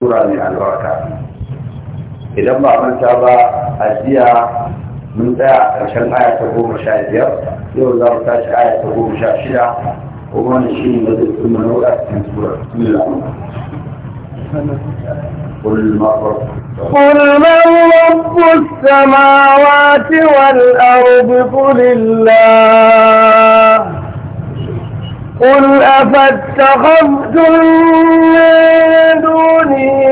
sura mai albarka idan ba manta ba a jiya mun tsaya a ƙarshen aya ta goma sha biyar yau za mu tashi aya ta goma sha shida kuma wani shi ne zai fi mana wuɗa cikin sura قل من رب السماوات والأرض قل الله قل أفاتخذتم من دونه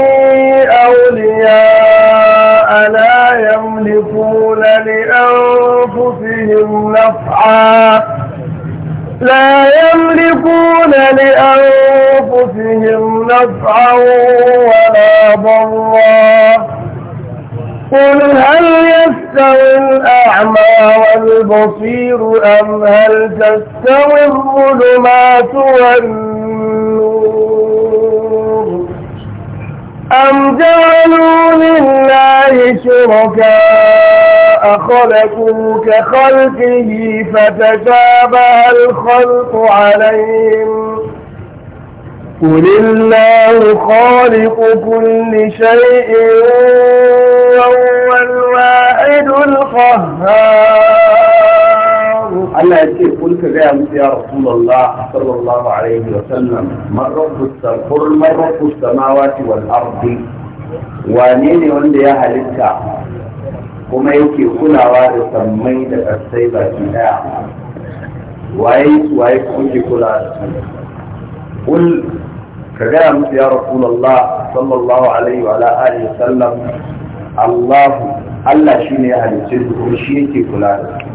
أولياء لا يملكون لأنفسهم نفعا لا يملكون لأنفسهم نفعا ولا ضرا قل هل يستوي الأعمى والبصير أم هل تستوي الظلمات والنور أم جعلوا لله شركاء خلقوا كخلقه فتشابه الخلق عليهم قل الله خالق كل شيء وهو الواحد القهار الله يكفي قل كذا يا رسول الله صلى الله عليه وسلم من رب قل من رب السماوات والارض ونين وند يا هلكا وما يكفي كل واحد سمي ده السيبه كده وايت وايت كل كل قل كجامس يا رسول الله صلى الله عليه وعلى آله وسلم الله Allah shi ne ya halice su kuma shi yake kula da su.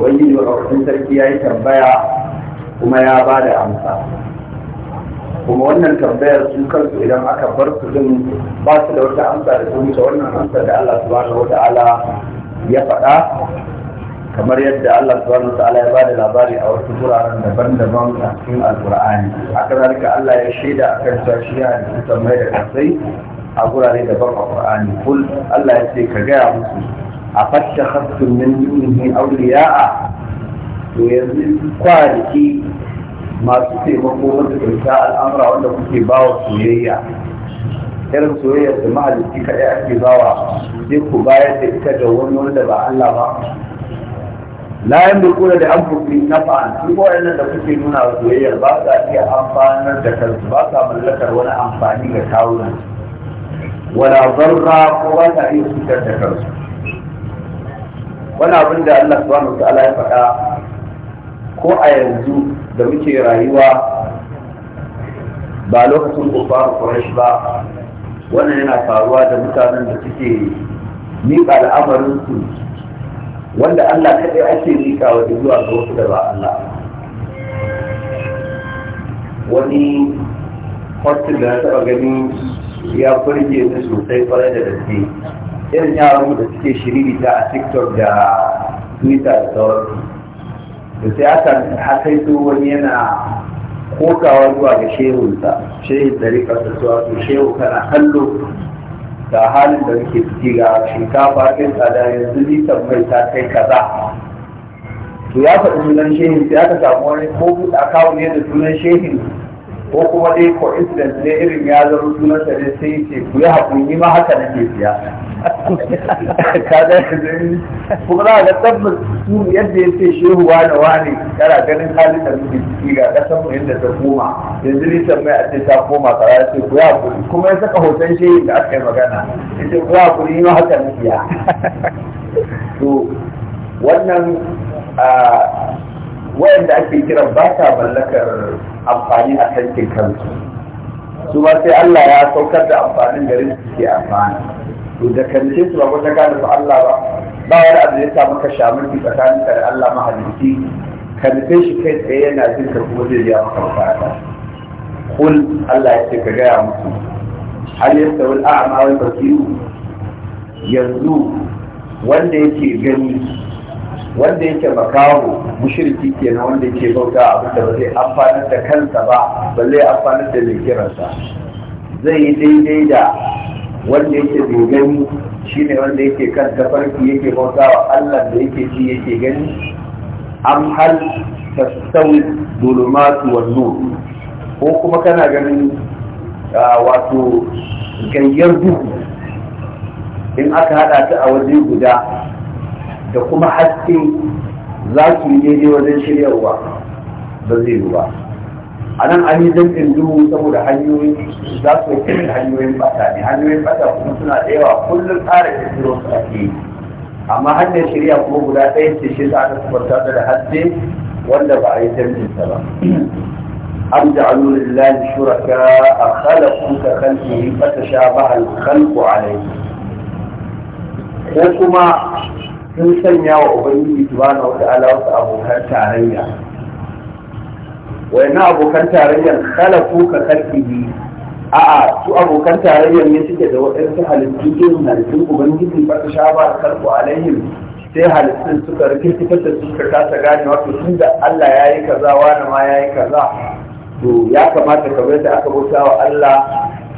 Wani maɗaukakin sarki ya yi tambaya kuma ya ba amsa. Kuma wannan tambayar su kansu idan aka bar su din ba su da wata amsa da ta wannan amsa da Allah ya faɗa kamar yadda Allah subhanahu wa ta'ala ya bada labari a wasu wuraren daban-daban a cikin alkur'ani haka zalika Allah ya shaida akan kan cewa shi ya halitta mai da kasai a gurare daban a qur'ani kul Allah ya ce ka gaya musu a fatta hassun min dunihi awliya'a to yanzu kwanaki masu taimako wanda kyauta al'amura wanda kuke bawa soyayya irin soyayyar da mahalicci kaɗai ake bawa sai ku bayar da ita ga wani wanda ba Allah ba la yamlikuna da na nafa'an su waɗannan da kuke nuna wa soyayyar ba sa iya amfanar da kansu ba sa mallakar wani amfani ga kawunan wala zarra ko ba sa iya cutar da kansu wani abin da Allah subhanahu wa ta'ala ya faɗa ko a yanzu da muke rayuwa ba lokacin kofar Quraysh ba wannan yana faruwa da mutanen da suke miƙa al'amarin su wanda Allah kaɗai ake rika wa zuwa ga wasu da ba Allah wani hotun da na taɓa gani ya furge ni sosai kwarai da gaske irin yaran da suke shiriri ta a tiktok da twitter da sauransu da sai aka hakaito wani yana kokawa zuwa ga shehunsa shehin ɗariƙar da suwa su shehu kana kallo Da halin da muke ciki ga shinkafa ɗin tsada yanzu litan mai ta kai kaza to ya faɗi sunan shehin ya aka samu wani ko a kawo ne da sunan shehin ko kuma dai coincidence ne irin ya zaro sunan sa ne sai ce ku yi ni ma haka nake siya ka ga kuma za ga tabbas su yadda ya ce shehu wani wani kana ganin halin da muke ciki ga ƙasar mu inda ta koma yanzu san mai a ce ta koma kara ce ku yi hakuri. kuma ya saka hoton shehu da aka yi magana ya ce ku yi ni ma haka nake ya to wannan ah, Wa'inda ake kira ba ta mallakar amfani a kankin kansu su ba sai Allah ya saukar da amfanin garin su ke amfani to da kance su ba wata gane su Allah ba ba wani abu ya sa sha shamurki tsakanin ka da Allah mahalicci ka shi kai tsaye yana jin ka kuma zai ya maka bukata kul Allah ya ce ka gaya musu hal yastawil a'ma wal basir yanzu wanda yake gani wanda yake makaho mushriki kenan wanda yake bauta abin da ba zai amfani da kansa ba ba zai da mai kiransa zai yi daidai da wanda yake bai gani shine wanda yake kan tafarki yake bauta wa Allah da yake ji yake gani am hal tastawi dhulumatu nur ko kuma kana ganin wato gayyar duhu in aka hada ta a waje guda da kuma haske za su yi daidai wajen shiryarwa ba zai yi ba a nan an yi jamfin duhu saboda hanyoyi za su yi hanyoyin bata ne hanyoyin bata kuma suna da yawa kullum tsara kirkiro su ake yi amma hanyar shirya kuma guda ɗaya ce shi za a kwanta da haske wanda ba a yi jamfin sa ba أم جعلوا لله شركاء خلقوا كخلقه فتشابه الخلق عليه ko kuma sun sanya wa ubangiji subhanahu wa ta'ala wasu abokan tarayya Wai na abokan tarayyar khalafu ka a a'a su abokan tarayya ne suke da waɗansu halittu irin halittun ubangiji ba ta sha ba karku alaihim sai halittun suka rikirkitar ta suka kasa gane wato tun da Allah ya yi kaza wani ma ya yi kaza to ya kamata ka bai da aka bauta wa Allah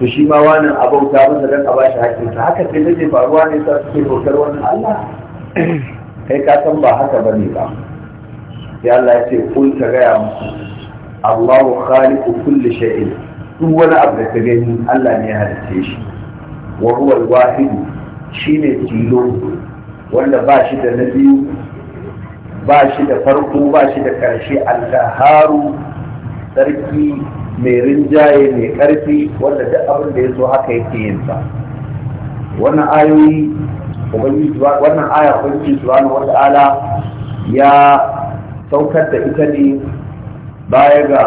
to shi ma wani abauta masa don a bashi hakkinsa haka sai nake faruwa ne sa suke bautar wannan Allah kai ka san ba haka ba ne ba sai Allah ya ce kun ka gaya musu Allahu khaliqu kulli shay'in duk wani abu da ka gani Allah ne ya halitta shi wa huwa al-wahid shine tilo wanda ba shi da na ba shi da farko ba shi da karshe al Haru, sarki mai rinjaye mai karfi wanda duk abin da ya so haka yake yin sa wannan ayoyi wannan aya ubangiji subhanahu wata'ala ya saukar da ita ne baya ga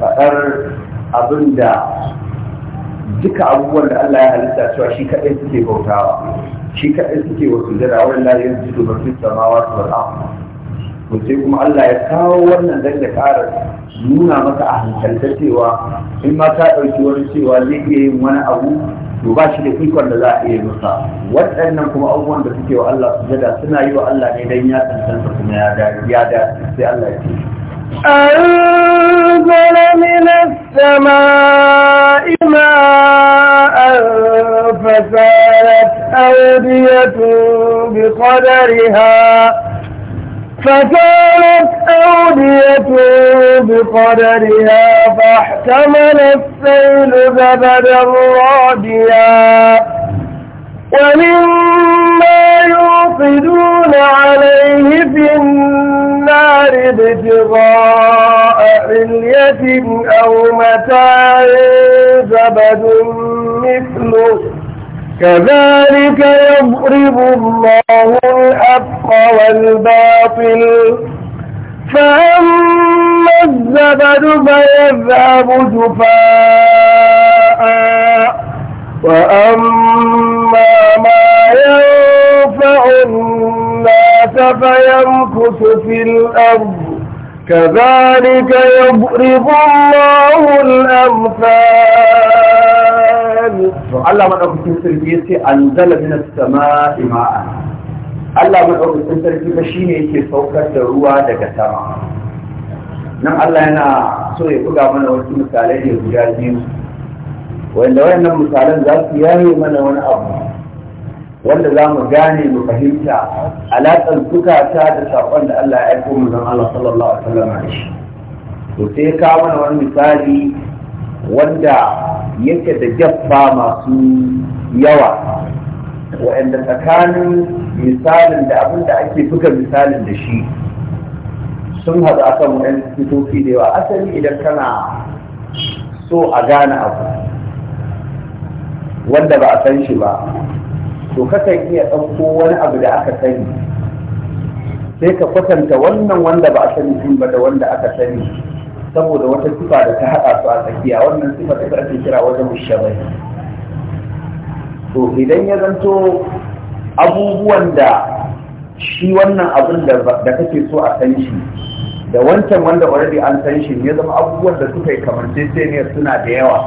faɗar abin da duka abubuwan da Allah ya halitta cewa shi kaɗai suke bautawa shi kaɗai suke wasu jira wani la yanzu da mafi samawa su wal'amu to sai kuma Allah ya kawo wannan dan ya ƙara nuna maka a hankalta cewa in ma ta ɗauki wani cewa zai iya yin wani abu to ba shi da ikon da za a iya masa waɗannan kuma abubuwan da suke wa Allah sujada suna yi wa Allah ne dan ya tantance kuma ya da ya da sai Allah ya ce أنزل من السماء ماء فسالت أودية بقدرها فكانت أودية بقدرها فاحتمل السيل زبدا راديا ومما يوقدون عليه في النار ابتغاء علية أو متاع زبد مثله كذلك يضرب الله الحق والباطل فأما الزبد فيذهب جفاء وأما ما ينفع الناس فيمكث في الأرض كذلك يضرب الله الأمثال ayami Allah madaukakin sarki yace anzala minas sama'i ma'a Allah madaukakin sarki ba shine yake saukar da ruwa daga sama nan Allah yana so ya buga mana wasu misalai ne guda biyu wanda wayannan misalan za su yaye mana wani abu wanda za mu gane mu fahimta alaƙar zukata da saƙon da Allah ya aiko mu zan Allah sallallahu alaihi wasallam da shi to sai ya kawo mana wani misali wanda yake da jaffa masu yawa waɗanda tsakanin misalin da abin da ake buga misalin da shi sun haɗu a kan waɗanda fitofi da yawa asali idan kana so a gane abu wanda ba a san shi ba to kakan iya ɗauko wani abu da aka sani sai ka kwatanta wannan wanda ba a sani ba da wanda aka sani saboda wata sifa da ta haɗa su a tsakiya wannan sifa ta ake kira wajen shabai to idan ya zanto abubuwan da shi wannan abin da kake so a san shi da wancan wanda already an san shi ya zama abubuwan da suka yi kamar ne suna da yawa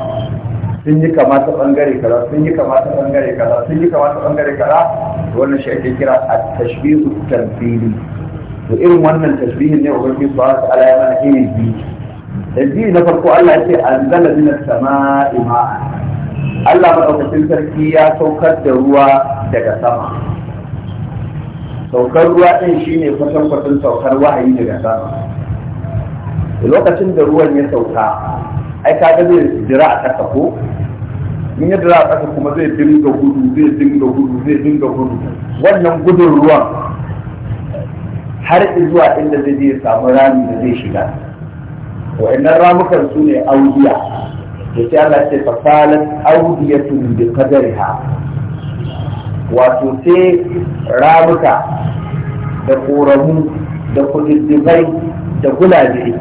sun yi kama ta bangare kaza sun yi kama ta bangare kaza sun yi kama ta bangare kaza wannan shi ake kira at-tashbihu tamthili to irin wannan tashbihin ne ubangiji subhanahu wa ta'ala ya mana iri biyu dalili na farko Allah ce anzala min as-sama'i ma'a Allah madaukakin sarki ya saukar da ruwa daga sama saukar ruwa din shine kwatan kwatan saukar wahayi daga sama lokacin da ruwan ya sauka ai ka ga zai jira a ƙasa ko in ya jira a ƙasa kuma zai dinga gudu zai dinga gudu zai dinga gudu wannan gudun ruwan har zuwa inda zai je ya samu rami da zai shiga wa'annan ramukan su ne audiya da ke Allah ce fasalat da kadari ha. wato sai ramuka da ƙoramu da kududdubai da gulabe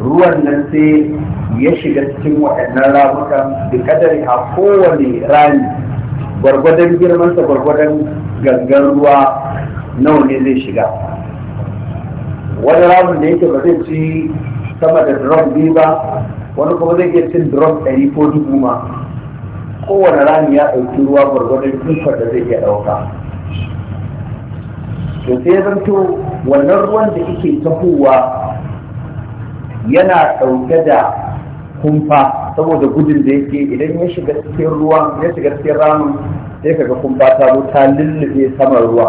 ruwan nan sai ya shiga cikin waɗannan ramukan da kadari ha kowane rami gwargwadon girmansa gwargwadon gangan ruwa nawa ne zai shiga wani ramun da yake ba zai ci sama da drum biyu ba wani kuma zai iya cin drum ɗari ko dubu ma kowane rami ya ɗauki ruwa gwargwadon dukkan da zai iya ɗauka to sai zanto wannan ruwan da yake tahowa yana ɗauke da kumfa saboda gudun da yake idan ya shiga cikin ruwa ya shiga cikin ramin sai kaga kumfa ta zo ta lullube saman ruwa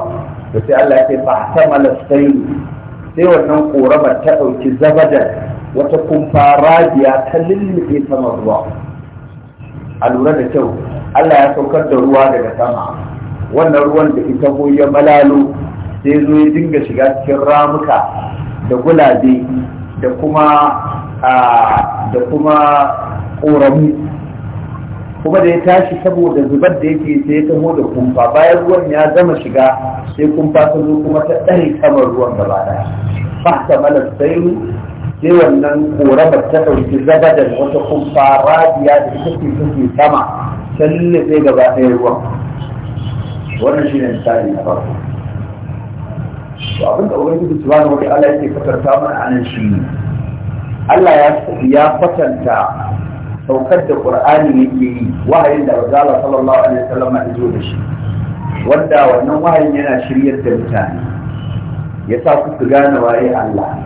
to sai Allah ya ce fa ta malasai sai wannan korama ta ɗauki zabadar wata kumfa rajiya ta lullube saman ruwa a lura da kyau Allah ya saukar da ruwa daga sama wannan ruwan da ita ya malalo sai zo ya dinga shiga cikin ramuka da gulabe da kuma da kuma ƙoramu kuma da ya tashi saboda zubar da yake sai ya taho da kumfa bayan ruwan ya zama shiga sai kumfa ta zo kuma ta ɗare saman ruwan gaba ɗaya fa ta malar sai wannan koramar ta ɗauki zabadar wata kumfa rabiya, da ke suke sama tallafe gaba ɗaya ruwan wannan shi ne misali na farko to abin da ubangiji subhanahu wa ta'ala yake fatarta mana anan shi ne Allah ya fatanta saukar da Ƙur'ani Qur'ani ke yi wahayin da Rasulullah sallallahu alaihi wasallam ya zo da shi wanda wannan wahayin yana shiryar da mutane ya sa ku gane waye Allah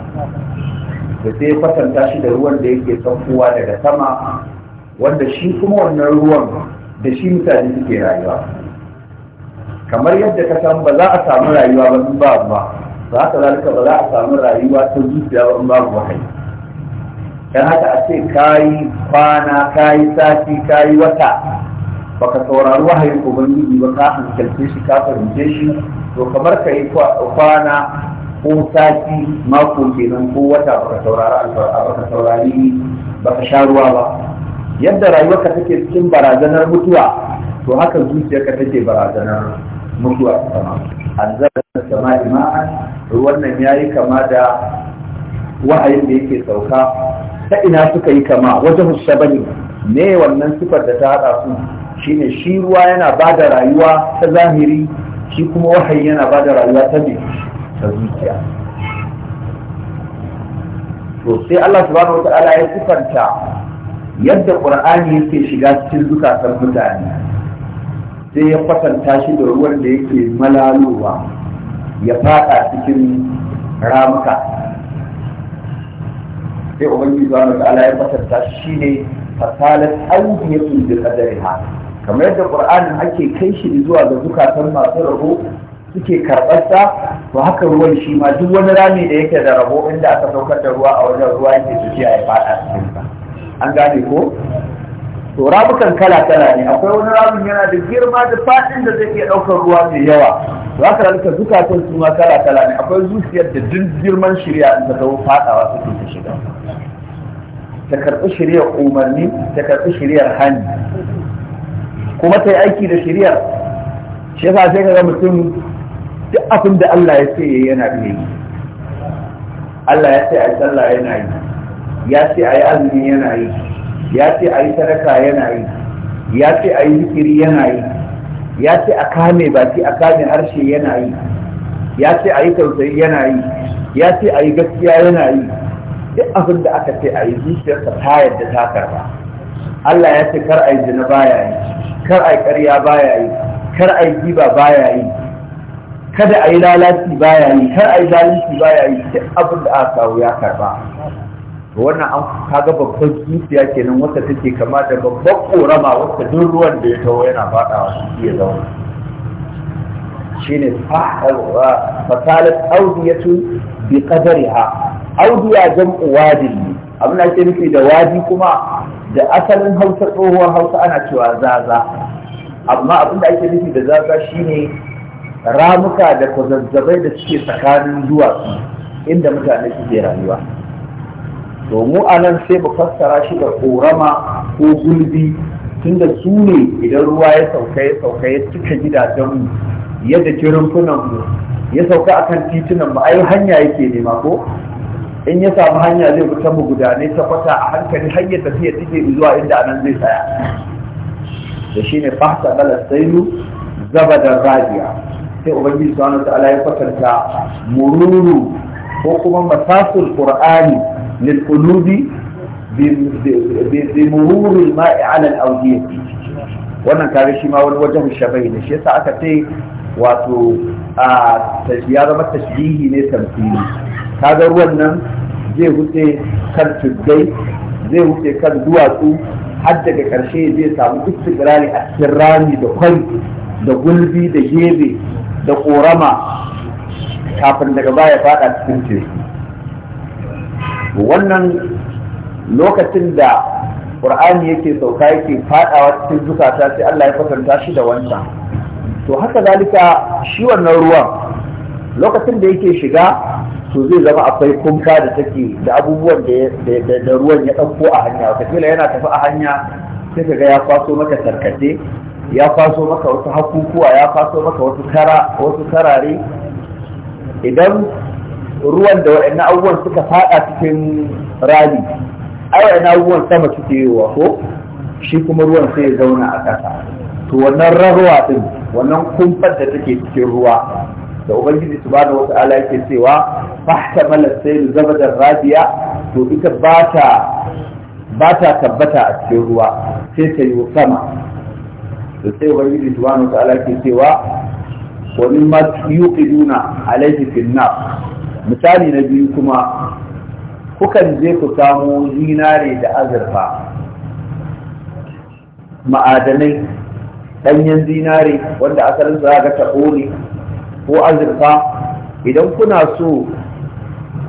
da sai kwatanta shi da ruwan da yake saukowa daga sama wanda shi kuma wannan ruwan da shi mutane suke rayuwa kamar yadda ka san ba za a samu rayuwa ba sun ba ba za ka zalika ba za a samu rayuwa ta zuciya ba ba babu kai dan haka a ce kayi kwana kayi sati kayi wata baka saurari wahayin ubangiji ba ka hankalce shi ka fahimce shi to kamar ka yi kwana ko sati mako kenan ko wata baka a baka saurari baka sha ruwa ba yadda rayuwarka take cikin barazanar mutuwa to haka zuciyarka take barazanar mutuwa sama anzalna sama'i ma'an ruwan nan yayi kama da wahayin da yake sauka ta ina suka yi kama wajen shabani ne wannan sifar da ta hada su shine shi ruwa yana bada rayuwa ta zahiri shi kuma wahayi yana bada rayuwa ta jiki ta zuciya to sai Allah subhanahu wa ta'ala ya sifanta yadda qur'ani yake shiga cikin zukatan mutane sai ya kwatanta shi da ruwan da yake malalowa ya fada cikin ramuka sai ubangiji subhanahu wa ta'ala ya kwatanta shi ne fasalat awdiyatun bi qadariha kamar yadda qur'anin ake kai shi zuwa ga zukatan masu rabo suke karɓarsa to haka ruwan shi ma duk wani rami da yake da rabo inda aka saukar da ruwa a wajen ruwa yake tafiya ya faɗa cikinsa an gane ko to ramukan kala kala ne akwai wani ramin yana da girma da faɗin da zai iya ɗaukar ruwa mai yawa to haka ralika zukatan su ma kala kala ne akwai zuciyar da duk girman shirya in ta zama faɗawa suke ta shiga ta karɓi shiryar umarni ta karɓi shiryar hani kuma ta yi aiki da shiryar shi yasa sai ka ga mutum duk abin da Allah ya ce yayi yana da yi Allah ya ce a yi sallah yana yi ya ce a yi azumi yana yi ya ce a yi sadaka yana yi ya ce a yi zikiri yana yi ya ce a kame baki a kame harshe yana yi ya ce a yi tausayi yana yi ya ce a yi gaskiya yana yi duk abin da aka ce a yi zuciyarsa ta yadda ta karba Allah ya ce kar a yi zina baya yi kar a yi ƙarya baya yi kar a yi giba baya yi kada a yi lalaci ya yi kar a yi zalunci ya yi duk abin da aka kawo ya karba to wannan an kaga babban zuciya kenan wata take kama da babban korama wacce duk ruwan da ya taho yana fadawa shi ya zauna shine fasalat audiyatu bi qadariha audiya jam'u wadi abin da ake nufi da wadi kuma da asalin hausa tsohuwar hausa ana cewa zaza amma abin da ake nufi da zaza shine ramuka da kwazazzabai da suke tsakanin duwatsu inda mutane suke rayuwa to mu a nan sai mu fassara shi da korama ko gulbi tunda su ne idan ruwa ya sauka ya sauka ya cika gidajenmu yadda mu ya sauka akan titunan mu ai hanya yake nema ko in ya samu hanya zai fita mu gudane ta kwata a hankali hanyar tafiya take zuwa inda anan zai tsaya da shi shine fahsa sai sailu zaba da radiya sai ubangiji subhanahu ta'ala ya kwatanta mururu ko kuma masasul qur'ani lil qulubi bi mururul ma'i ala al awdiya wannan kare shi ma wani wajen shabai ne shi yasa aka ce wato a ya zama tashbihi ne tamfili kaga ruwan nan zai wuce kan tuddai zai wuce kan duwatsu har daga karshe zai samu istiqrari a cikin rami da kwai. da gulbi da gebe da korama kafin daga baya fada cikin teku wannan lokacin da ƙur'ani yake sauka yake fadawa cikin zukata sai Allah ya kwatanta shi da wancan to haka zalika shi wannan ruwan lokacin da yake shiga to zai zama akwai kumfa da take da abubuwan da ruwan ya ɗauko a hanya wataƙila yana tafi a hanya sai ka ga ya kwaso maka tarkace ya kwaso maka wasu hakukuwa ya kwaso maka wasu kara wasu karare idan ruwan da waɗannan abubuwan suka faɗa cikin rami ai na abubuwan sama suke yiwa ko shi kuma ruwan sai ya zauna a ƙasa to wannan rarwa din wannan kumfar da take cikin ruwa da ubangiji subhanahu wata'ala yake cewa fahta malas sayl da radiya to ita ba ta ba ta tabbata a cikin ruwa sai ta yi sama da sai ubangiji subhanahu wa ta'ala ke cewa wa mimma yuqiduna a laifin na misali na biyu kuma kukan je ku samu zinare da azurfa ma'adanai ɗanyen zinare wanda asalin za ga taɓo ne ko azurfa idan kuna so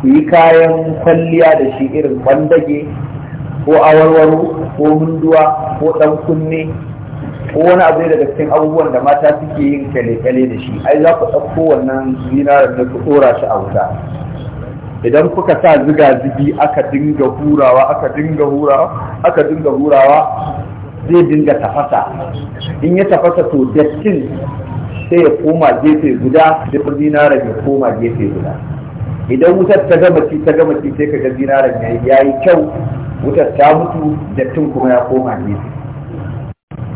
ku yi kayan kwalliya da shi irin bandage ko awarwaro ko munduwa ko ɗan kunne ko wani abu ne daga cikin abubuwan da mata suke yin kyale-kyale da shi ai za ku ɗauko wannan zinarar da ku ɗora shi a wuta idan kuka sa ziga zigi aka dinga hurawa aka dinga hurawa aka dinga hurawa zai dinga tafasa in ya tafasa to dattin sai ya koma gefe guda duk zinarar ya koma gefe guda idan wutar ta gama ci ta gama ci sai ka ga zinarar ya yi kyau wutar ta mutu dattin kuma ya koma gefe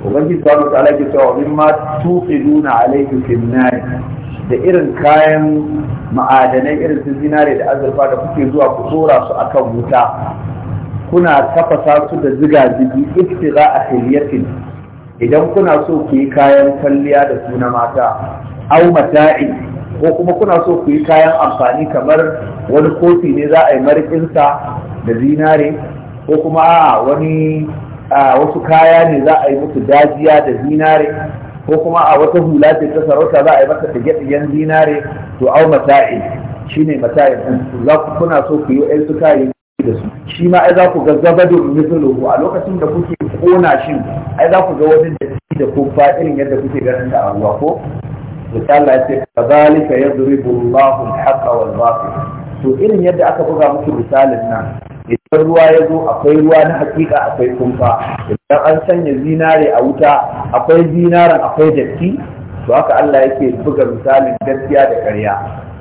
ubangiji subhanahu ta'ala ke cewa min ma tuqiduna alayhi fil nar da irin kayan ma'adanai irin su zinare da azurfa da kuke zuwa ku tsora su akan wuta kuna tafasa su da zigazigi iftira a hiliyatin idan kuna so ku yi kayan kwalliya da su na mata au mata'i ko kuma kuna so ku yi kayan amfani kamar wani kofi ne za a yi marikinsa da zinare ko kuma a wani a wasu kaya ne za a yi musu dajiya da zinare ko kuma a wata hula ce ta sarauta za a yi masa ɗige-ɗigen zinare to au mata'i ne mata'in ɗin za ku kuna so ku yi wa su kayan da su shi ma ai za ku ga zabadun mithluhu a lokacin da kuke kona shin ai za ku ga da datti da ko irin yadda kuke ganin da abuwa ko to Allah ya ce kadhalika yadribu Allahu al-haqqa wal batil to irin yadda aka buga muku misalin nan idan ruwa ya zo akwai ruwa na hakika akwai kumfa idan an sanya zinare a wuta akwai zinaren akwai datti to haka Allah yake buga misalin gaskiya da ƙarya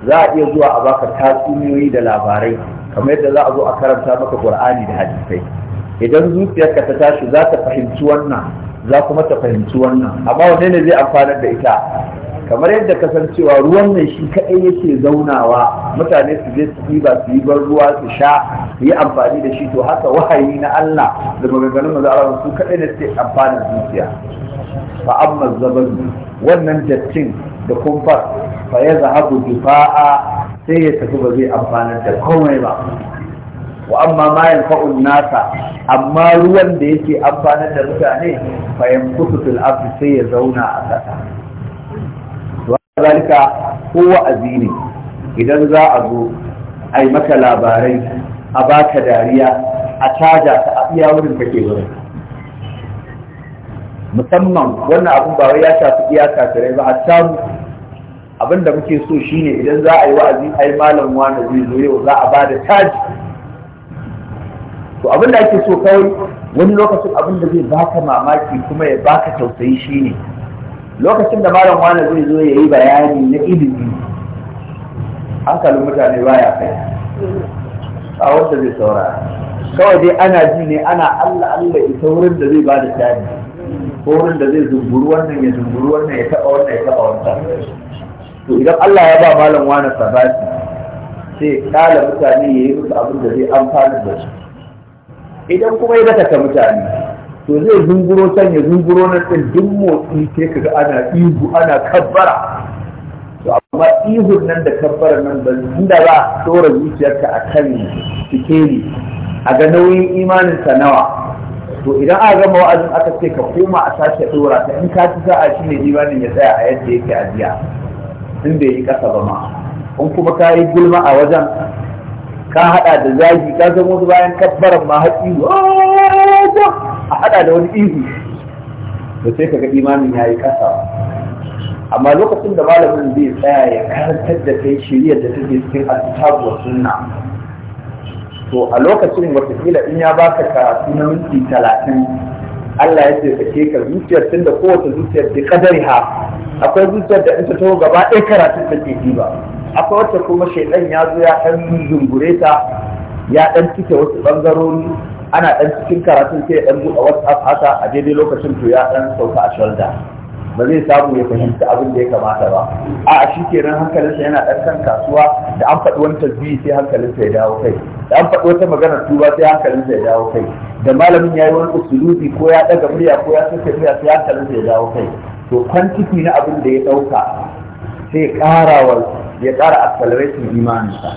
za a iya zuwa a baka tatsuniyoyi da labarai kamar yadda za a zo a karanta maka Qur'ani da hadisai idan zuciyarka ta tashi za ta fahimci wannan za kuma ta fahimci wannan amma wanne ne zai amfanar da ita kamar yadda kasancewa ruwan nan shi kaɗai yake zaunawa mutane su je su ba su yi bar ruwa su sha su yi amfani da shi to haka wahayi na Allah da maganganun maza Allah su kaɗai da suke amfanin zuciya fa amma zaban wannan dattin da kumfar fa ya zahabu dufa'a sai ya tafi ba zai amfana da komai ba wa amma ma yanfa'un nasa amma ruwan da yake amfanar da mutane fa yanfutu fil sai ya zauna a ƙasa kazalika ko wa'azi ne idan za a zo a yi maka labarai a baka dariya a caja ta a iya wurin kake wurin musamman wannan abun ba wai ya shafi iya kafirai ba a samu abin da muke so shine idan za a yi wa'azi a yi malam wani zai zo yau za a ba da caji to abin da ake so kawai wani lokacin abin da zai baka mamaki kuma ya baka tausayi shine lokacin da malam wani zai zo ya yi bayani na ilimi hankalin mutane baya kai a wanda zai saura. kawai dai ana ji ne ana allah allah ita wurin da zai ba da tani ko wurin da zai zumburu wannan ya zumburu wannan ya taɓa wannan ya taɓa wannan to idan allah ya ba malam wani sabati sai kala mutane ya yi musu abin da zai amfana da su idan kuma ya bata mutane to zai zunguro can ya zunguro nan ɗin duk motsi ke kaga ana ihu ana kabbara to amma ihun nan da kabbara nan ba inda za a tsora zuciyarka a kan ne a ga nauyin imanin sa nawa to idan aka gama wa'azin aka ce ka koma a sashe tsora ta in ka ci sa'a shi ne imanin ya tsaya a yadda yake ajiya. jiya in bai yi ƙasa ba ma in kuma ka yi gulma a wajen ka haɗa da zagi ka zama wasu bayan kabbaran ma haƙi a hada da wani ihu da sai kaga imanin ya yi kasa amma lokacin da malamin zai tsaya ya karantar da kai shiriyar da take cikin alkitabu wa sunna to a lokacin watakila in ya baka karatu na minti talatin Allah ya ce sake ka zuciyar tunda kowace zuciyar ta kadari ha akwai zuciyar da in ta taho gaba ɗaya karatun ta ke ba akwai wata kuma shaidan ya zo ya ɗan zungure ta ya ɗan cike wasu ɓangarori ana ɗan cikin karatun sai ɗan buɗe whatsapp haka a daidai lokacin to ya ɗan sauka a shoulder ba zai samu ya fahimci abin da ya kamata ba a shi kenan hankalinsa yana ɗan kan kasuwa da an faɗi wani tasbihi sai hankalinsa ya dawo kai da an faɗi wata magana tuba sai hankalinsa ya dawo kai da malamin ya yi wani usulubi ko ya ɗaga murya ko ya sake murya sai hankalinsa ya dawo kai to kwantiki na abin da ya ɗauka sai ƙara ya ƙara accelerating imaninsa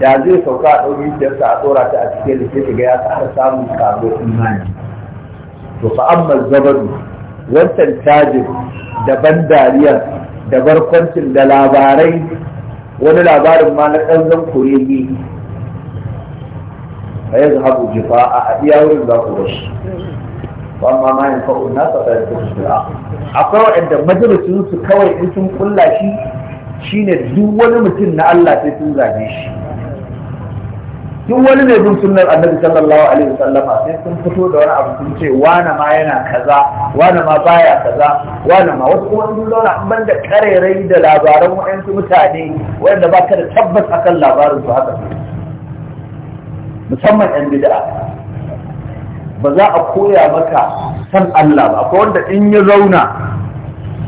da zai sauka a ɗaurin dukiyarsa a tsora ta a cikin da sai ga ya har samun sabo imani to fa amma zabaru wancan tajin ban dariyar da barkwancin da labarai wani labarin ma na ƙanzan kuregi a yanzu haɓu jifa a iya wurin za ku bashi amma ma yin fa'o na sa da su shira akwai waɗanda majalisun su kawai in sun kulla shi shine duk wani mutum na Allah sai sun zage shi duk wani ne bin sunnar annabi sallallahu alaihi sallama? sai sun fito da wani abu sun ce wane ma yana kaza wane ma baya kaza wane ma wasu kuma sun zauna an banda karerai da labaran waɗansu mutane wanda ba ka da tabbas akan labarin su haka musamman yan bid'a ba za a koya maka san Allah ba ko wanda in ya zauna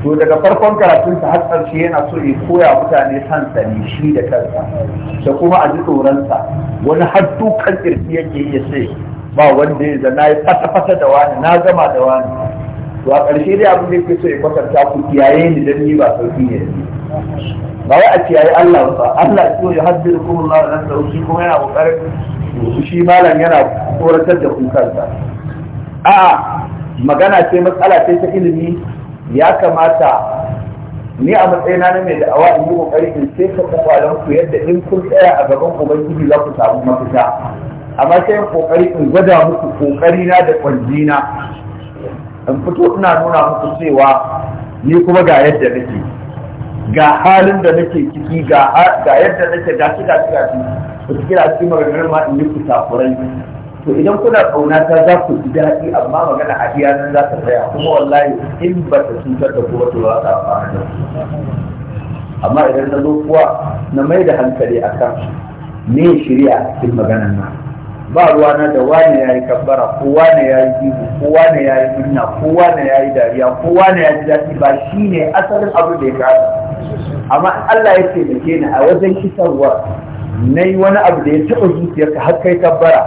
to daga farkon karatun sa har ƙarshe yana so ya koya mutane san Sani shi da kansa da kuma a ji tsoronsa wani har dukan kirki yake iya sai, ba wanda ya zana ya fata-fata da wani na gama da wani to a ƙarshe dai abin da yake so ya kwatanta ku kiyaye ni dan ni ba sauki ne ba wai a kiyaye Allah ba Allah so ya haddira kuma Allah nan da shi kuma yana kokarin shi malam yana tsoratar da ku kansa a'a magana ce matsala ce ta ilimi ya kamata ni a matsayina na mai da'awa in yi kokari in sai ka kwakwalen ku yadda in kun tsaya a gaban ubangiji za ku samu mafita amma sai in kokari in gwada muku kokari na da kwanjina in fito ina nuna muku cewa ni kuma ga yadda nake ga halin da nake ciki ga yadda nake ga shi ga shi ga shi ku cikin a cikin maganganun ma in yi kusafurai to idan kuna kauna ta za ku ji daɗi amma magana a iya nan za ta tsaya kuma wallahi in ba ta cutar da kuma ba za ta amfana da amma idan na zo kuwa na mai da hankali a kan me shirya a cikin maganar nan ba ruwana da wane ya yi kabbara ko wane ya yi jibu ko wane ya yi murna ko wane ya yi dariya ko wane ya yi daɗi ba shi ne asalin abin da ya kasa amma Allah ya ce da a wajen kisarwa na yi wani abu da ya taɓa zuciyarka har kai kabbara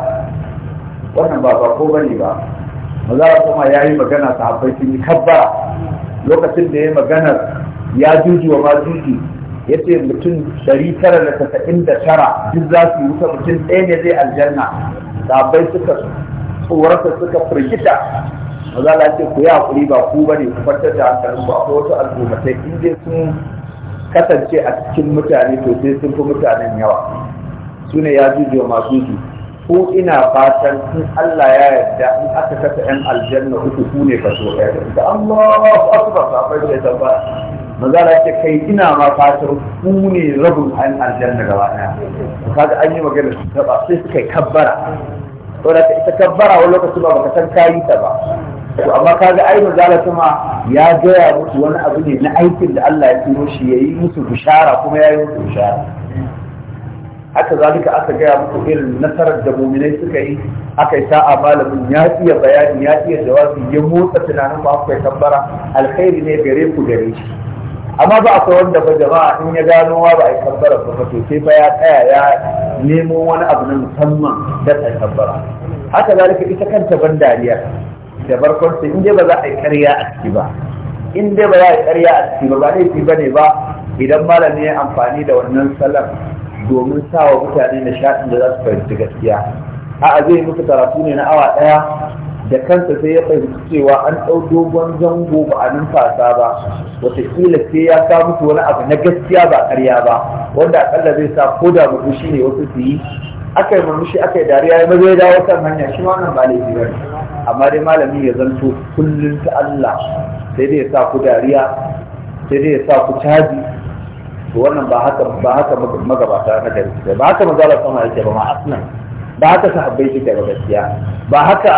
wannan ba ba ko bane ba maza kuma ya yi magana haifai sun yi kabba lokacin da ya yi magana ya juji wa ma juji ya ce mutum ɗari tara da duk za su yi wuta mutum ɗaya ne zai aljanna sahabbai suka tsoronsa suka firgita maza a ce ku yi hakuri ba ku bane ku kwantar da hankalin ba ko wasu al'ummatai in dai sun kasance a cikin mutane to sai sun fi mutanen yawa Sune ne ya juji wa ma ko ina fatan in Allah ya yarda in aka saka yan aljanna uku ku ne kaso ɗaya da Allahu akbar sabai da tabba maza da ce kai ina ma fatan ku ne rabin yan aljanna gaba ɗaya kaga an yi magana su taba sai suka yi kabbara saboda ita kabbara wani lokaci ba baka san kayi ta ba to amma kaga ai maza kuma ya gaya musu wani abu ne na aikin da Allah ya turo shi yayi musu bishara kuma ya yi musu bishara haka zalika aka gaya muku irin nasarar da muminai suka yi aka yi sa'a malamin ya iya bayani ya iya jawabi ya motsa tunanin ku aka tambara alkhairi ne gare ku gare shi amma ba a akwai wanda ba jama'a in ya gano wa ba a yi tambara ba to sai ba ya tsaya ya nemo wani abu na musamman da ta tambara haka zalika ita kanta ban dariya da barkon sai in dai ba za a yi karya a ciki ba in dai ba za a yi karya a ciki ba ba laifi ba ne ba idan malami ya amfani da wannan salon domin sawa wa mutane shaɗin da za su fahimci gaskiya a'a zai musu karatu ne na awa ɗaya da kansa sai ya fahimci cewa an ɗau dogon zango ba a numfasa ba wataƙila sai ya sa musu wani abu na gaskiya ba karya ba wanda aƙalla zai sa ko da shi ne wasu su yi aka yi murmushi aka yi dariya ya mazo ya dawo kan hanya shi wannan ba laifi ba amma dai malami ya zanto kullum ta Allah sai dai ya sa ku dariya sai dai ya sa ku caji to wannan ba haka ba haka magabata na gari ba haka mazalar sama yake ba ma asnan ba haka sahabbai suke ba gaskiya ba haka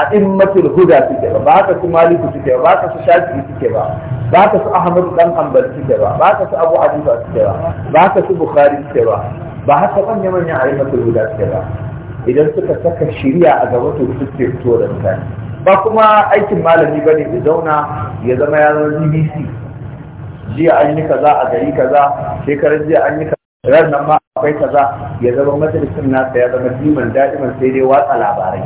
a immatul huda suke ba ba haka su maliku suke ba ba haka su shafi suke ba ba haka su ahmadu dan hanbal suke ba ba haka su abu hanifa suke ba ba haka su bukhari suke ba ba haka manya manyan a immatul huda suke ba idan suka saka shiriya a gaba to su ke fito da mutane ba kuma aikin malami bane ya zauna ya zama ya zama BBC jiya an yi kaza a gari kaza shekarar jiya an yi kaza nan ma akwai kaza ya zama majalisin nasa ya zama diman da'iman sai dai watsa labarai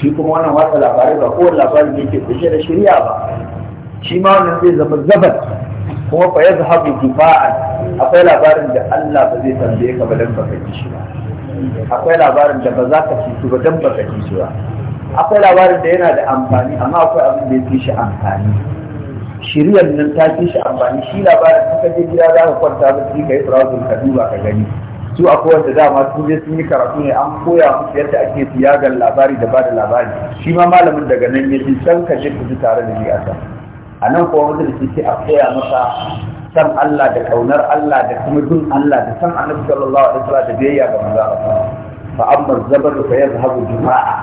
shi kuma wannan watsa labarai ba ko labarin da ke kushe da shirya ba shi ma wannan zai zama zabar kuma fa yazhabu difa'an akwai labarin da Allah ba zai tambaye ka ba dan baka ji shi ba akwai labarin da ba za ka ci su ba dan baka ji shi ba akwai labarin da yana da amfani amma akwai abin da ya fi shi amfani shiryar nan ta fi shi amfani shi labarin in je gida za ka kwanta shi ka yi browsing ka duba ka gani su akwai wanda dama su je sun yi karatu ne an koya musu yadda ake siyagar labari da bada labari shi ma malamin daga nan ya ji san ka je ku tare da ni a can a nan kuma wanda da ke a koya masa san Allah da kaunar Allah da kuma bin Allah da san Annabi sallallahu alaihi wasallam da biyayya ga manzo Allah fa amma zabar fa yazhabu juma'a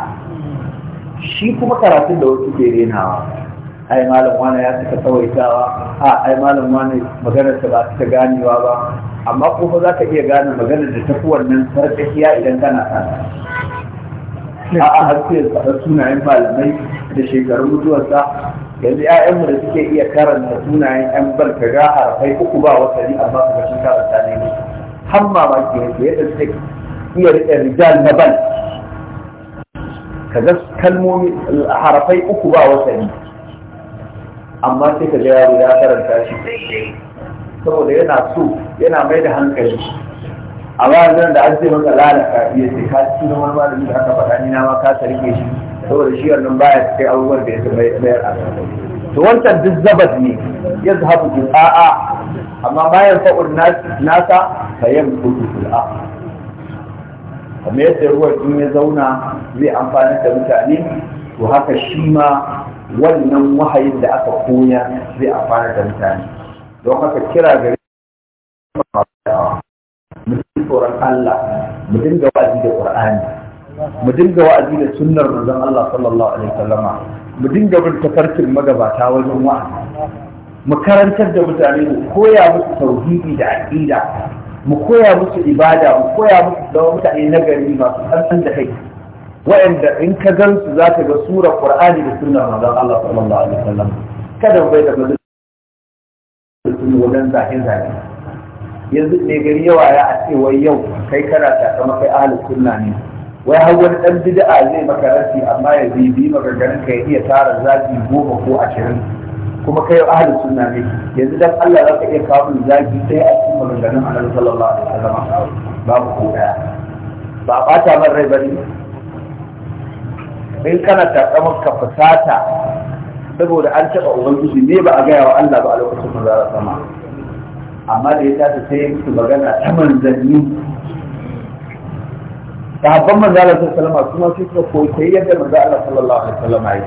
shi kuma karatun da wasu ke renawa ai malam wani ya cika tsawaitawa a ai malam wani maganar ta ba ta ganewa ba amma kuma za ka iya gane maganar da ta wannan sarkakiya idan kana sana a a haske ya sunayen malamai da shekarun mutuwarsa yanzu ƴaƴanmu da suke iya karanta sunayen ƴan barka ga harfai uku ba wasali amma su ga sun karanta ne ne har mamaki ne ke yadda suke iya riƙe rijal na ban kaga kalmomi harafai uku ba wasali amma sai ka ga ya karanta shi saboda yana so yana mai da hankali a bayan da an ce maka lalaka iya ce ka ci na wani malami da aka faɗa ni na ma ka sarke shi saboda shi wannan baya kai abubuwan da ya mayar a to wancan duk zabat ne ya zahabu ki a'a amma bayan fa'ur nasa bayan kudu kul'a kamar yadda ruwan in ya zauna zai amfani da mutane to haka shi ma wannan wahayin da aka koya zai amfana da mutane don haka kira gare mu ji tsoron Allah mu dinga wa'azi da Qur'ani mu dinga wa'azi da sunnar manzon Allah sallallahu alaihi wasallama mu dinga bin tafarkin magabata wajen wa'azi mu karantar da mutane mu koya musu tauhidi da aqida mu koya musu ibada mu koya musu dawo mutane nagari masu tsantsan da kai wa'anda in ka gansu za ka ga sura qur'ani da suna manzon Allah sallallahu alaihi wasallam kada mu bai da mutum wajen zahin zahin yanzu ne gari yawa ya a ce wai yau kai kana ta takama kai ahlus sunna ne wai har wani dan bid'a zai maka rashi amma ya bi maganganun ka ya iya tara zaki goma ko ashirin kuma kai ahlus sunna ne yanzu dan Allah za ka iya kawo zaki sai a cikin maganganun Annabi sallallahu alaihi wasallam babu ko daya ba a bata man rai bane in kana takamar ka fusata saboda an taɓa ubangiji ne ba a gaya wa Allah ba a lokacin manzara sama amma da ya tashi sai su magana ta manzanni sahabban manzara sun salama su ma su suka koyi yadda manzo Allah sallallahu alaihi wasallam ya yi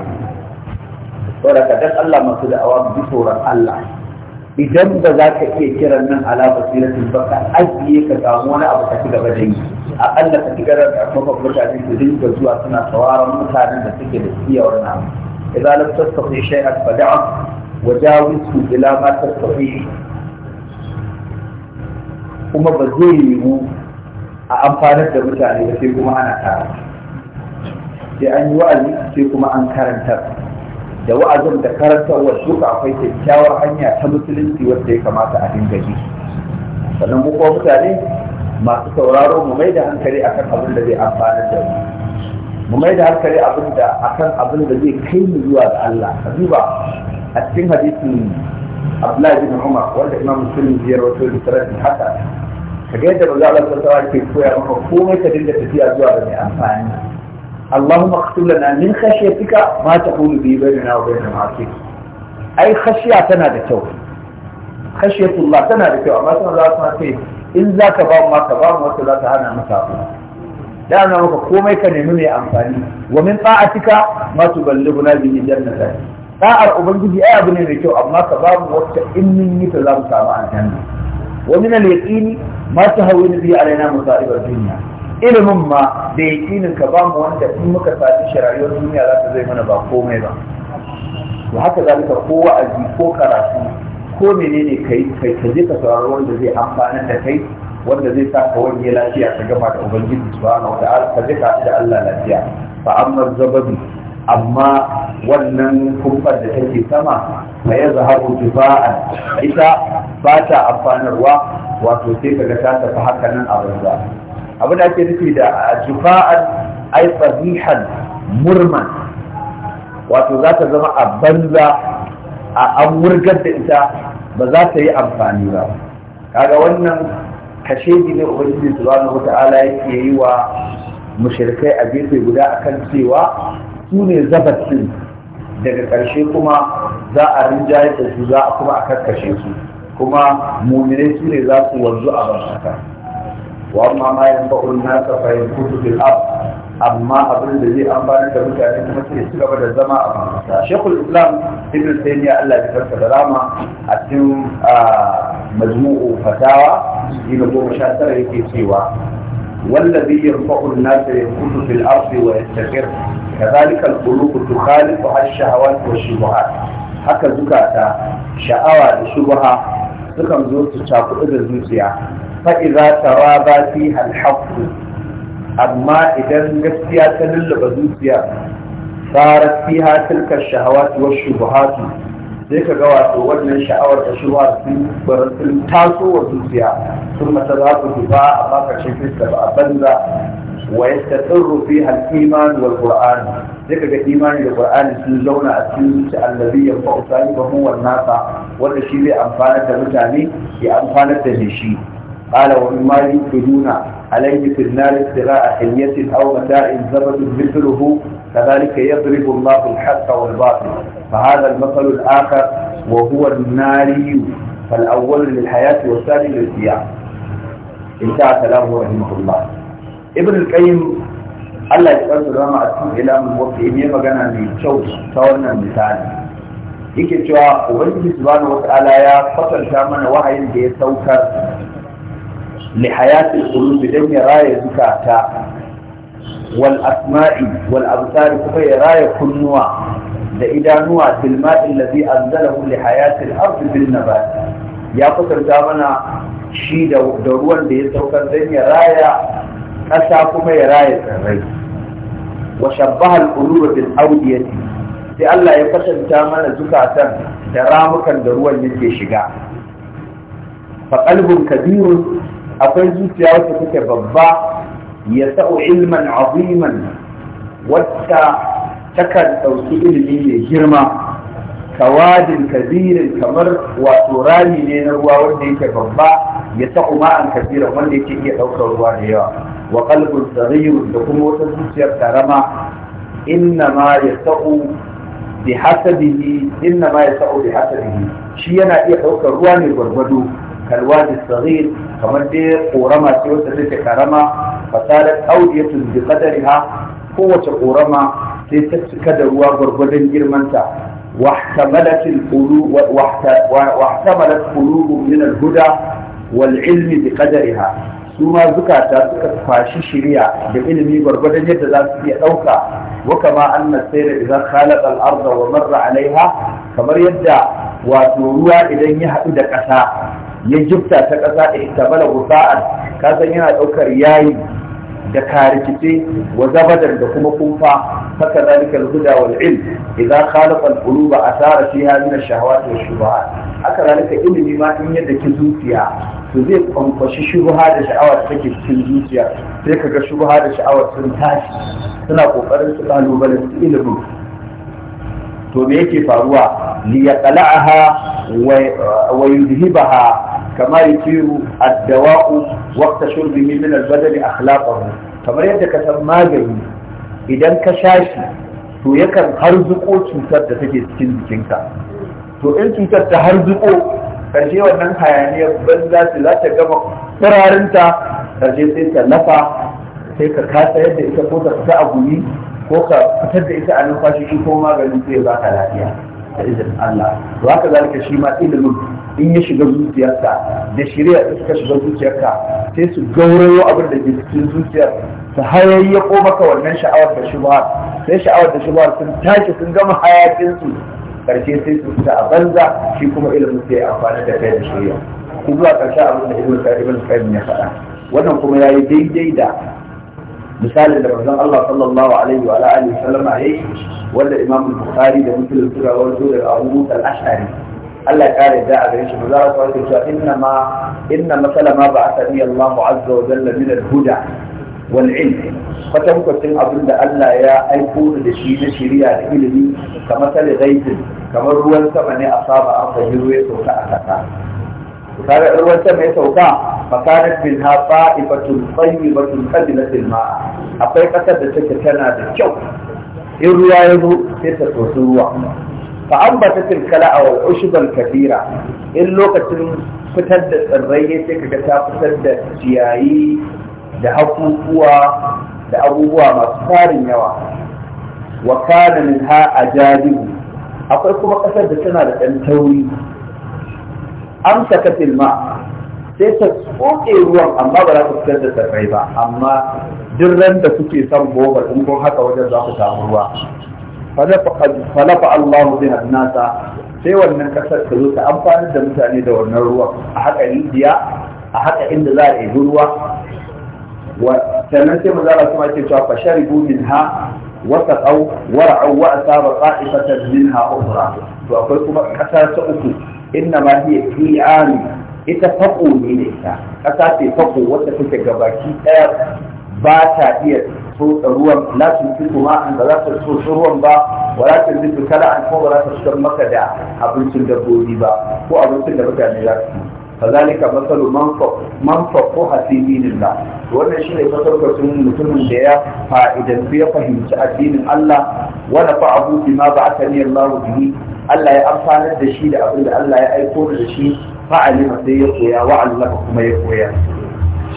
saboda ka dan Allah masu da'awa bi tsoron Allah idan ba za ka iya kiran nan ala basiratin ba ka ajiye ka samu wani abu ka ci gaba da yi akalla ka tigarar da mafafin mutane su dinga zuwa suna tawaron mutanen da suke da siyawar namu إذا لم تستطيع شيئا فدعه وجاوزه ila ma تستطيع kuma ba zai yiwu a amfanar da mutane ba sai kuma ana tara sai an yi wa'azi sai kuma an karanta da wa'azin da karantarwar shuka akwai kyakkyawar hanya ta musulunci wanda ya kamata a dinga bi sannan kuma mutane masu sauraro mu mai da hankali akan abin da zai amfana da mu mu mai da hankali abin da akan abin da zai kai mu zuwa ga Allah ka duba a cikin hadisin Abdullahi bin Umar wanda Imam Muslim ya rawaito da sarrafi haka ka ga yadda Allah sallallahu alaihi wasallam ke koya maka komai ka dinga tafiya zuwa ga mai amfani Allahumma اللهم lana min khashyatika ma taqulu bi به wa وبين معصيتك ai khashiya tana da kyau khashiyatullah tana da kyau amma sun za su ce in za ka ba ma ka ba mu wata za ka hana mu abu da ana maka komai ka nemi mai amfani wa min ta'atika ma na bihi jannata ta'ar ubangiji ai abu ne mai kyau amma ka ba mu wata in mun yi ta za mu samu aljanna wa min al-yaqini ma tahawwin bihi alaina musa'ib ad-dunya ilimin ma da yaqinin ka ba mu wanda in muka sami shi rayuwar duniya za ta zai mana ba komai ba to haka zalika ko wa'azi ko karatu ko menene kai kai ka je ka saurari wanda zai amfana da kai wanda zai sa ka wani lafiya ka gama da ubangiji subhanahu wa ta'ala ka je ka da Allah lafiya fa amma zababi amma wannan kumfar da take sama fa ya zahabu jifa'an ita ba ta amfanarwa wato sai kaga ta tafi haka nan a banza abin da ake nufi da jifa'an ai sahihan murman wato za ta zama a banza a an wurgar da ita ba za ta yi amfani ba kaga wannan kashe ne ubangiji subhanahu wata'ala yake yi wa mushrikai a gefe guda akan cewa su ne zabatin daga ƙarshe kuma za a rinjaye da su za a kuma a karkashe su kuma muminai su ne za su wanzu a ban haka wa amma ma yanfa'un nasa fa yankutu fil amma abin da zai amfani da mutane kuma sai su gaba da zama a banza shekul islam ibn taymiya Allah ya farka da rama a cikin majmu'u fatawa shi goma sha tara yake cewa والذي يرفع الناس يمكث في الارض ويستقر كذلك القلوب تخالفها الشهوات والشبهات haka zukata sha'awa da shubha sukan zo su cakuɗu da zuciya fa idza taraba fiha al amma idan gaskiya ta lullaba zuciya sarar fiha tilkar shahawatu wa shubuhatu sai ka ga wato wannan sha'awar da shubuha sun barar sun taso wa zuciya sun mata za ku duba a makashin fiska ba a banza wa yastatirru fiha al-iman qur'an sai ka ga imani da qur'ani sun zauna a cikin zuciya allazi yanfa'u sahibahu wan nasa wanda shi zai amfana da mutane ya amfana da shi قال ومما يوقدون عليه في النار ابتغاء حلية أو متاع زبد مثله كذلك يضرب الله الحق والباطل فهذا المثل الآخر وهو الناري فالأول للحياة والثاني للقيام انتهى كلامه رحمه الله ابن القيم الله ya karfi rama إلى من ilamin wasu ne magana mai kyau ta هيك misali yake cewa ubangiji subhanahu wata'ala ya kwatanta mana لحياه القلوب دنيا رايه زكاتا والاسماء والابصار كفي رايه كنوا لاذا نوى في الماء الذي انزله لحياه الارض بالنبات يا فكر جامنا شي دوروان دي سوكر دنيا رايه اسا كفي رايه كنري وشبه القلوب بالاودية في الله يفشل جامنا زكاتا ترامكا دوروان يجي شقا فقلب كبير akwai zuciya wacce take babba ya sa'u ilman aziman wacce takan ɗauki ilimi mai girma kawadin kabirin kamar wato rami ne na ruwa wanda yake babba ya sa'u ma'an kabirin wanda yake iya ɗaukar ruwa da yawa wa qalbun saghirun da kuma wata zuciyar karama innama ma ya sa'u bi hasabihi ya sa'u bi hasabihi shi yana iya ɗaukar ruwa ne gwargwado كالوادي الصغير كمان دي قورما karama اللي كرما فصارت أودية بقدرها قوة قورما سيتسك دروا غربدن جرمانتا واحتملت القلوب واحتملت قلوب من الهدى والعلم بقدرها su ma zukata suka fashi shirya da ilimi gwargwadon yadda za su iya ɗauka wa kama an nasaira idan alaiha kamar yadda wato ruwa idan ya haɗu da ƙasa ya jifta ta ƙasa da ita bala gusa'an ka san yana ɗaukar yayi da karikice wa zabadar da kuma kumfa haka zalikal guda wal ilm idan khalaqa al quluba asara fiha min ash shahawati wash shubuhat haka zalika ilimi ma in yadda ki zuciya to zai kwankwashi shubha da sha'awa da take cikin zuciya sai kaga shubha da sha'awa sun tashi suna kokarin su kalubalen ilimin to me yake faruwa li yaqla'aha wa yudhibaha كما يثير الدواء وقت شربه من البدن أخلاقه كما يدك سماجي إذا كشاشي to yakan harzuko cutar da take cikin jikinka to in cutar ta harzuko karshe wannan hayaniyar banza ta za ta gama firarinta karshe sai ta lafa sai ka kasa yadda ita ko ta fita a gumi ko ka fitar da ita a numfashi shi ko maganin sai ba ka lafiya da izinin Allah to haka zalika shi ma ilimin in ya shiga zuciyarka da shirya ta suka shiga zuciyarka sai su gaurayo abin da ke cikin zuciyar su hayayyako maka wannan sha'awar da shubhar sai sha'awar da shubhar sun tashi sun gama hayakin su karshe sai su fita a banza shi kuma ilimin sai amfani da kai da shirya ku zuwa karshe abin da ilimin sai ibn qayyim ya faɗa wannan kuma ya yi daidai da misalin da manzon Allah sallallahu alaihi wa alihi wa yayi wanda Imam Bukhari da Muslim suka rawaito daga Abu Musa al-Ash'ari Allah ya kare da a gare shi ba za a kawo cewa inna ma inna masala ma ba asani Allah azza wa jalla min al-huda wal ilm kwatankwacin abin da Allah ya aiko da shi na shari'a da ilimi kamar sale zaitun kamar ruwan sama ne a saba an fahimru ya sauka a kasa kaga ruwan sama ya sauka fakanat min hafa ibatun tayyibatun qadilatil ma'a akwai ƙasar da take tana da kyau in ruwa ya zo sai ta tsotsi ruwa fa ambata tilkala a ushban kabira in lokacin fitar da tsirrai ce kaga ta fitar da ciyayi da hakukuwa da abubuwa masu tarin yawa wa kana minha ajadibu akwai kuma kasar da tana da ɗan tauri amsa katil ma sai ta tsoke ruwan amma ba za ta fitar da tsirrai ba amma duk ran da suke son bobar in kun haka wajen za ku samu ruwa falafa Allah biha nasa sai wannan kasar ta zo ta amfani da mutane da wannan ruwa a haka rijiya a haka inda za a yi ruwa sannan sai maza rasu ake cewa fa sharibu min ha wata tsau wara'au wa asaba qa'ifatan min ha ukhra to akwai kuma kasa ta uku inna ma hiya qi'an ita fako ne ne ta kasa ce fako wacce take gabaki daya ba ta iya so ruwan la su fi kuma an ba za ta so ruwan ba ba za ta rufe kala an kuma ba za ta shigar maka da abincin dabbobi ba ko abincin da mutane za su yi فذلك مثل من فقه في دين الله wannan shine fasarkacin mutumin da ya fa'idan ya fahimci addinin Allah wa nafa'ahu bima ba'athani Allah bihi Allah ya amfanar da shi da abin da Allah ya aiko da shi fa'alima sai ya koya wa Allah kuma ya koya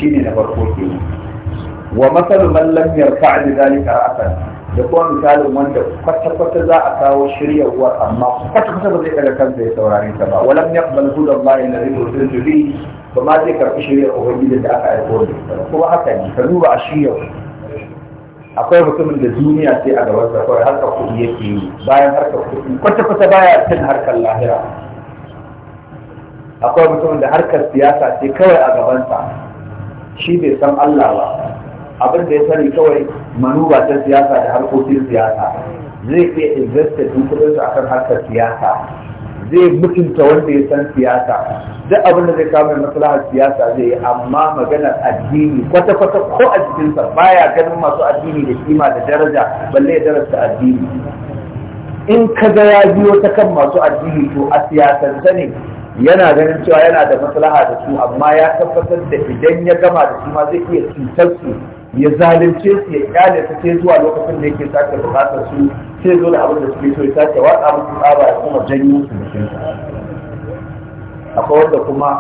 shine na farko kenan wa masalu man lam yarfa bi zalika da kuma misalin wanda kwata-kwata za a kawo shiryarwar amma kwata-kwata ba zai daga kansa ya saurare ta ba walam yaqbal hudu Allah alladhi ursiltu bi ba ma zai karɓi shiryar ubangiji da aka aiko da kuma haka ne ka duba a shiryar akwai mutumin da duniya sai a gaban sa kawai harkar kuɗi yake yi bayan harkar kuɗi kwata-kwata baya cin harkar lahira akwai mutumin da harkar siyasa sai kawai a gaban sa, shi bai san Allah ba abin da ya sani kawai manuba ta siyasa da harkokin siyasa zai iya investe tun kudin su akan harkar siyasa zai mutunta wanda ya san siyasa duk abin da zai kawo maslahar siyasa zai yi amma maganar addini kwata kwata ko a jikinsa baya ganin masu addini da kima da daraja balle ya darasta addini in ka ga ya biyo ta kan masu addini to a siyasanta ne yana ganin cewa yana da maslaha da su amma ya tabbatar da idan ya gama da su ma zai iya cutar su ya zalunce su ya kyale su sai zuwa lokacin da yake sake bukatar su sai zo da abin da suke so ya sake watsa musu tsaba ya kuma janyo su jikin akwai wanda kuma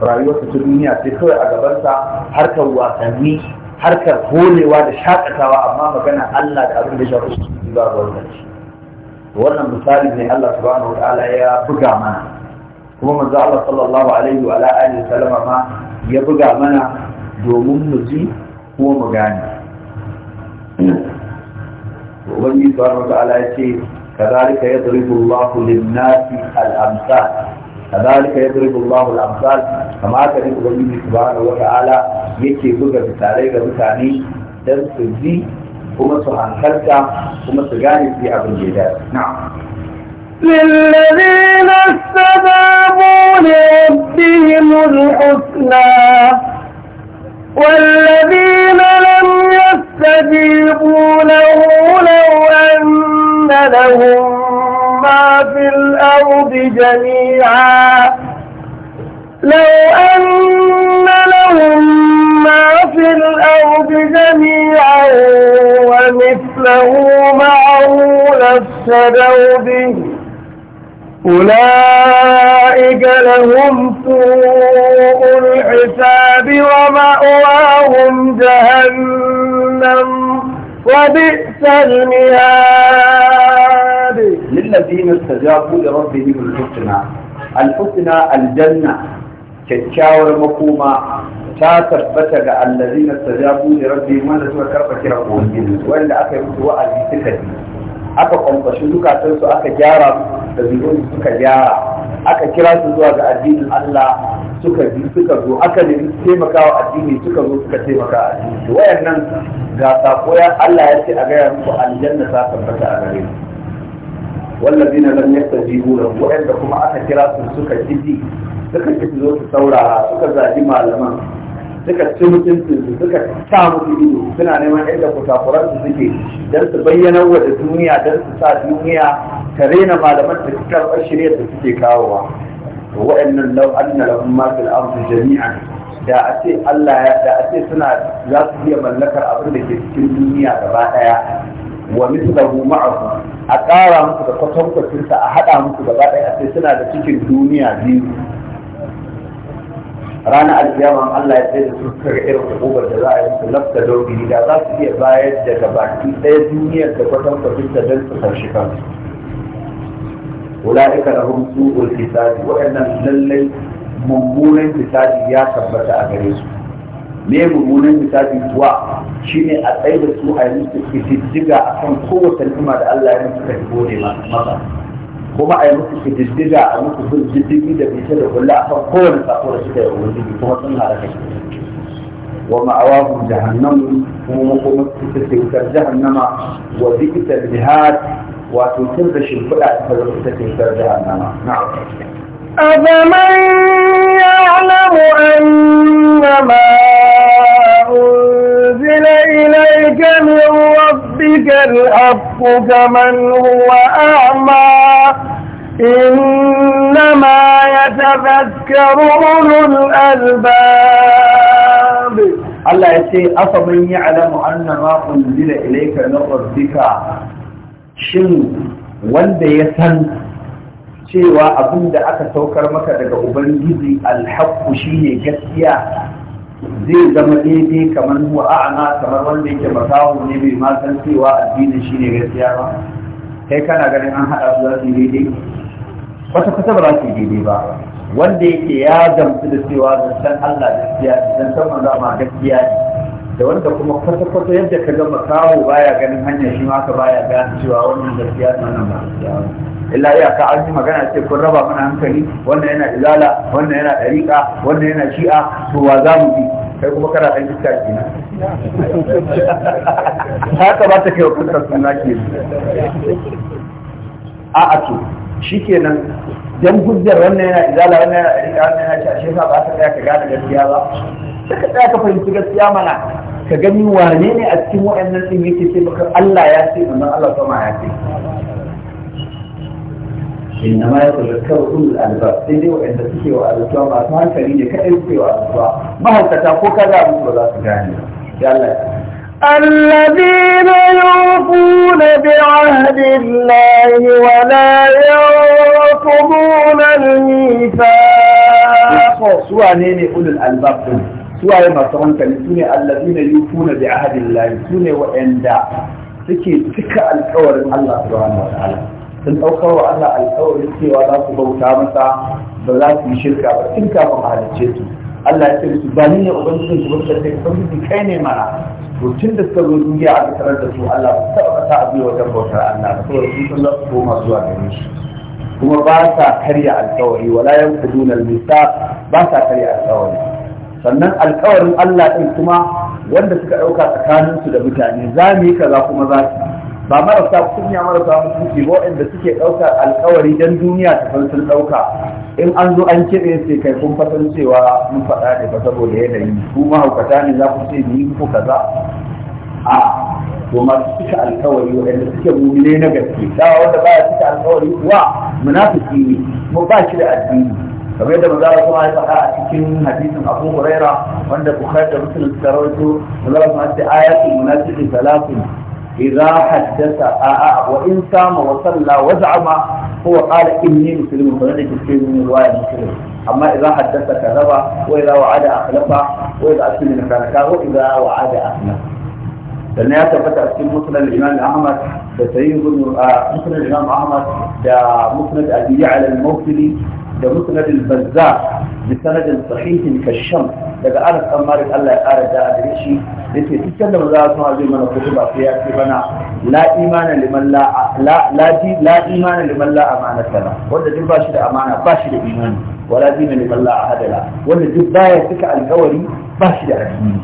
rayuwarsa ta duniya sai kawai a gabansa harkar wasanni harkar holewa da shakatawa amma magana Allah da abin da ya shafi su ba ga wannan wannan misali ne Allah subhanahu ya buga mana kuma manzo Allah sallallahu alaihi wa alihi ma ya buga mana domin mu ji Kuma mu gane wani subhanahu wa ya ce كذلك يضرب الله للناس الأمثال كذلك يضرب الله الأمثال كما كان يقول سبحانه وتعالى yake buga misalai ga mutane don su ji kuma su hankalta kuma su gane su yi abin da ya dace. للذين استجابوا لربهم الحسنى والذين لم يستجيبوا له لو أن لهم ما في الأرض جميعا لو أن لهم ما في الأرض جميعا ومثله معه لفسدوا به أولئك لهم سوء الحساب ومأواهم جهنم وبئس المهاد للذين استجابوا لربهم الحسنى الحسنى الجنة كتشاو المقومة تاتر بتغى الذين استجابوا لربهم ولا تفكر فكرة وإلا أكبر سواء في aka kwamfashi zukatansu aka gyara da zuwan suka gyara aka kira su zuwa ga addinin Allah suka bi suka zo aka nemi taimakawa addini suka zo suka taimaka addini wayannan ga sako ya Allah ya ce a gaya muku aljanna ta tabbata a gare ku wallazina lam yastajibu lahu wayanda kuma aka kira su suka ji suka ki zo su saurara suka zaji malaman suka ci mutuncin suka sa musu ido suna neman inda kusakuran su suke don su bayyana wa da duniya don su sa duniya ta rena malaman da suka karɓar shirya da suke kawowa wa'annan lau anna lahum ma fil ardi jami'an da a ce Allah ya da a ce suna za su iya mallakar abin da ke cikin duniya gaba daya wa mithlahu ma'ahu a ƙara musu da kwatankwacin a haɗa musu gaba daya a ce suna da cikin duniya biyu ranar alkiyama Allah ya tsaye da su kare irin hukumar da za a yi su lafta dogi da za su iya bayar da gabaki ɗaya duniyar da kwatan kwatinta don su karshe kansu ula'ika da hun waɗannan lallai mummunan fisaji ya tabbata a gare su me mummunan fisaji kuwa shine a tsaye da su a yi musu akan kowace ni'ima da Allah ya musu kai gode masa kuma a yi musu kididdiga a musu bin diddigi da bishe da kulla a kan kowane sako da suka yi ubangiji kuma sun halaka shi wa ma'awahum jahannamu kuma makomar su take wutar jahannama wa bi'isal jihad wato tun da shimfiɗa ta zama ita ce wutar jahannama na'am أفمن يعلم أن ما أنزل إليك من ربك الحق كمن هو أعمى إنما يتذكر أولو الألباب الله يسي أفمن يعلم أن ما أنزل إليك من ربك شن wanda ya san cewa abin da aka saukar maka daga ubangiji alhaku shine gaskiya zai zama daidai kamar huwa a'ana kamar wanda yake makawo ne mai ma cewa addinin shi ne gaskiya ba kai kana ganin an hada su za su daidai wata kusa ba za su daidai ba wanda yake ya gamsu da cewa san Allah gaskiya ne san manzo amma gaskiya ne da wanda kuma kwata-kwata yadda ka gama kawo baya ganin hanyar shi ma ka baya gane cewa wannan gaskiya na nan ba illa ya ka an magana ce kun raba mana hankali wannan yana ilala, wannan yana dariƙa wannan yana shi'a to wa za mu bi kai kuma kana ɗan iska kina haka ba ta kai wa kusa suna ke a a to shikenan dan hujjar wannan yana ilala, wannan yana dariƙa wannan yana shi'a ba ka tsaya ka gane gaskiya ba sai ka tsaya ka fahimci gaskiya mana ka gani wane ne a cikin waɗannan ɗin yake ce baka Allah ya ce manzon Allah sama ya ce inna ma yatazakkaru ulul albab sai dai waɗanda suke wa alƙawa masu hankali ne kaɗai suke wa alƙawa mahaukata ko kaza musu ba za su gane ya Allah الذين يوفون بعهد الله ولا ينقضون الميثاق سواء نيني قل الألباب suwaye masu hankali su ne allazina yufuna bi ahadillahi su ne waɗanda suke cika alkawarin Allah subhanahu wa ta'ala sun ɗaukar wa Allah alkawarin cewa za su bauta masa ba za su yi shirka ba tun kafin halicce su Allah ya ce su ba ni ne ubangijin su wanda ta ubangiji kai ne mana to tun da suka zo duniya a tarar da su Allah ba taɓa ba ta abu wajen bautar Allah ba saboda sun san za su koma zuwa gare shi kuma ba sa karya alkawari wala yankuduna al-misa ba sa karya alkawari sannan alkawarin Allah ɗin kuma wanda suka ɗauka tsakaninsu da mutane za mu yi kaza kuma za su ba marasa kunya marasa mutunci ba wanda suke ɗaukar alkawari don duniya ta farsun ɗauka in an zo an kiɗe sai kai kun fatan cewa mun faɗa ne ba saboda yanayi ku mahaukata ne za ku ce ni ku kaza a to masu cika alkawari wanda suke mumine na gaske dawa wanda baya cika alkawari kuwa munafiki ne mu ba shi da addini kamar yadda ba za a kuma faɗa a cikin hadisin abu huraira wanda bukhari da muslim suka rawaito da za su ce ayatul munafiqi salatun idza haddatha a'a wa in sama wa salla wa za'ama huwa qala inni muslimun kamar da ke cikin riwayar muslim amma idza haddatha kadaba wa idza wa'ada akhlafa wa idza asmina kanaka wa idza wa'ada akhlafa لأن هي ثبت في مسند الإمام أحمد ده سيد مسند الإمام أحمد ده مسند أبي على الموصلي da musnadul banza, da sanadin sahihin kasham daga Anas bin Malik Allah ya ƙara da gare shi yace duk da maza sun haje mana ba sai ya ce bana la imana liman la la imana liman la amana sana wanda duk ba shi da amana ba shi da imani wala dina liman la ahadala wanda duk baya cika alƙawari ba shi da addini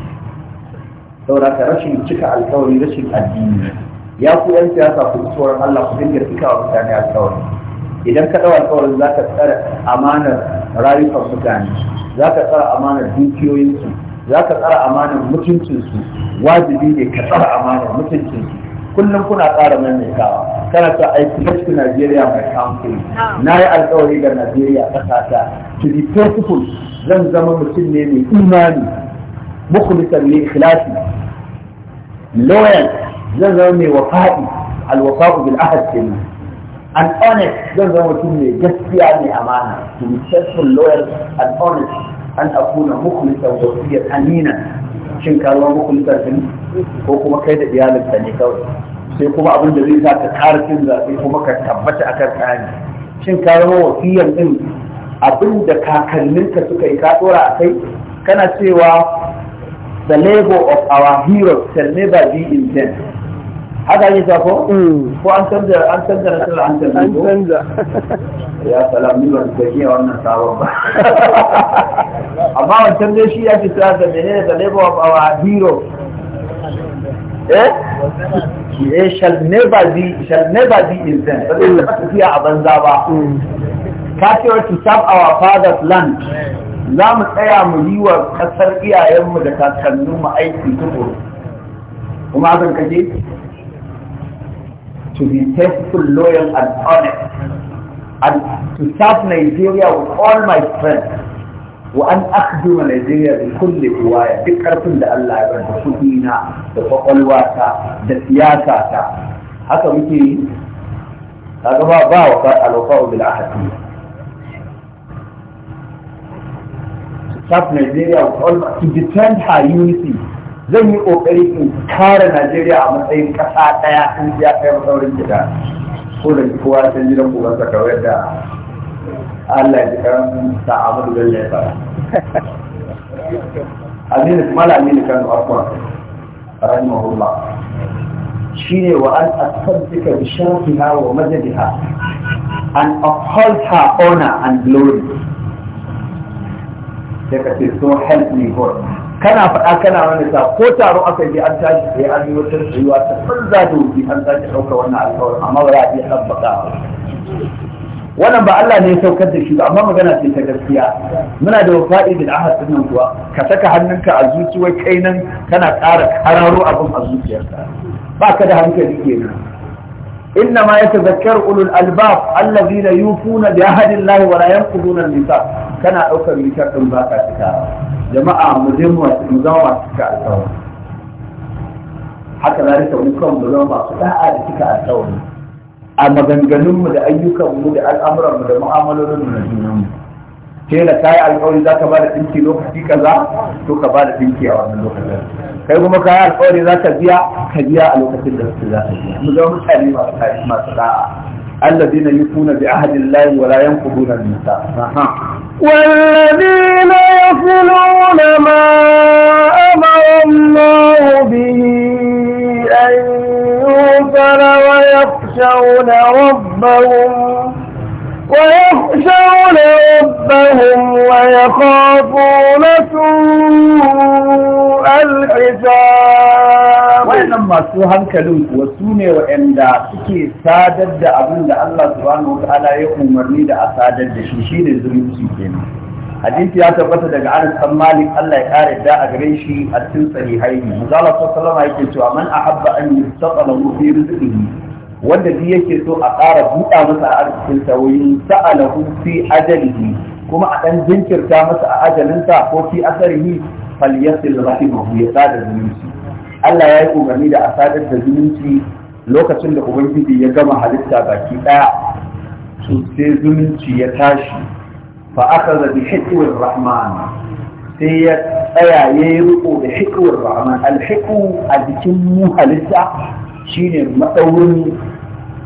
saboda ka rashin cika alƙawari rashin addini ya ku yan siyasa ku tsoron Allah ku dinga cika wa mutane alƙawari idan ka ɗau alƙawarin za ka tsara amanar rayukan mutane za ka tsara amanar dukiyoyinsu za ka tsara amanar mutuncinsu wajibi ne ka tsara amanar mutuncinsu kullum kuna ƙara kawa kana ta aiki cikin Najeriya mai kamfani na yi alkawari ga Najeriya ƙasata to be faithful zan zama mutum ne mai imani mukhlisan li ikhlasi loyal zan zama mai wafa'i alwafa'u bil ahad kenan and honest zan zama mutum mai gaskiya mai amana to be faithful loyal An honest an akuna mukhlisan wasiyyan amina shin ka zama mukhlisan din ko kuma kai da iyalinka ne kawai sai kuma abin da zai sa ka ƙara cin zaɓe kuma ka tabbata akan tsari shin ka zama wasiyyan din abin da ka suka yi ka dora a kai kana cewa the labor of our heroes shall never be in vain haka yi ta mm. ko? an canza an canza na canza an canza an canza ya salam ni ban ga iya wannan sabon ba amma wancan dai shi ya fi sa da ne da labor of our hero eh eh shall never be shall never be in vain ba zai tafiya a banza ba mm. ka ce wa to serve our father's land za mu tsaya mu yi wa kasar iyayenmu da kakanninmu aiki tukuru kuma hakan kake to be faithful, loyal, and honest, and to serve Nigeria with all my strength. وأن أخدم نيجيريا بكل قوايا بكرة الله يبرد سبينا بفقلواتا بسياساتا haka muke yi kaga ba ba wa alwafa'u bil ahadi to serve Nigeria with all to defend zan yi kokari in kare Najeriya a matsayin kasa daya in ya kai masaurin gida ko da kowa san gidan ubansa kawai da Allah ya kan sa Ahmadu Bello ya fara Amin Mala Aminu Kano Afwan rahimahullah shine wa an asabbika bi sharafiha wa majadiha an uphold her honor and glory take ka ce so help me God kana faɗa kana wani sa ko taro aka yi an tashi sai an yi wata tsayuwa ta banza da wuce an tashi ɗauka wannan alƙawarin amma ba za a iya wannan ba Allah ne ya saukar da shi ba amma magana ce ta gaskiya muna da wafa'i bil ahad din kuwa ka saka hannunka a zuciyar kai nan kana ƙara kararo abin a zuciyarka ba ka da hankali kenan إنما يتذكر أولو الألباب الذين يوفون بعهد الله ولا ينقضون الميثاق kana ɗaukar mitar ɗin ba ka cika jama'a mu je mu zama masu cika alƙawari haka zalika mu kan mu zama masu da'a da cika alƙawari a maganganunmu da ayyukanmu da al'amuranmu da mu'amalolinmu na junanmu ke da kayi alƙawari za ka ba da ɗinki lokaci kaza to ka ba da ɗinki a wannan lokacin kai kuma kayi alƙawari za ka biya ka biya a lokacin da suke za ka biya mu zama mutane masu da'a الذين يفون بعهد الله ولا ينقضون الميثاق والذين يصلون ما أمر الله به أن يوصل ويخشون ربهم ويخشون ربهم ويخافون سوء الحساب waɗannan masu hankalin kuwa su ne waɗanda suke sadar da abin da Allah subhanahu wa ta'ala ya umarni da a sadar da shi shine zumunci kenan hadisi ya tabbata daga Anas bin Malik Allah ya kare da a gare shi a cikin sahihaini manzo sallallahu alaihi yake cewa man ahabba an yustaqala fi rizqihi wanda duk yake so a ƙara buɗa masa a arzikin sa wayin sa'alahu fi ajalihi kuma a dan jinkirta masa a ajalinsa ko fi asarihi falyasil rahimahu ya sada zumunci Allah ya yi umarni da a sadar da zumunci lokacin da ubangiji ya gama halitta baki ɗaya su sai zumunci ya tashi fa aka zabi hikiwar rahman sai ya tsaya ya yi riko da hikiwar rahman alhiku a jikin mu halitta shine matsaurin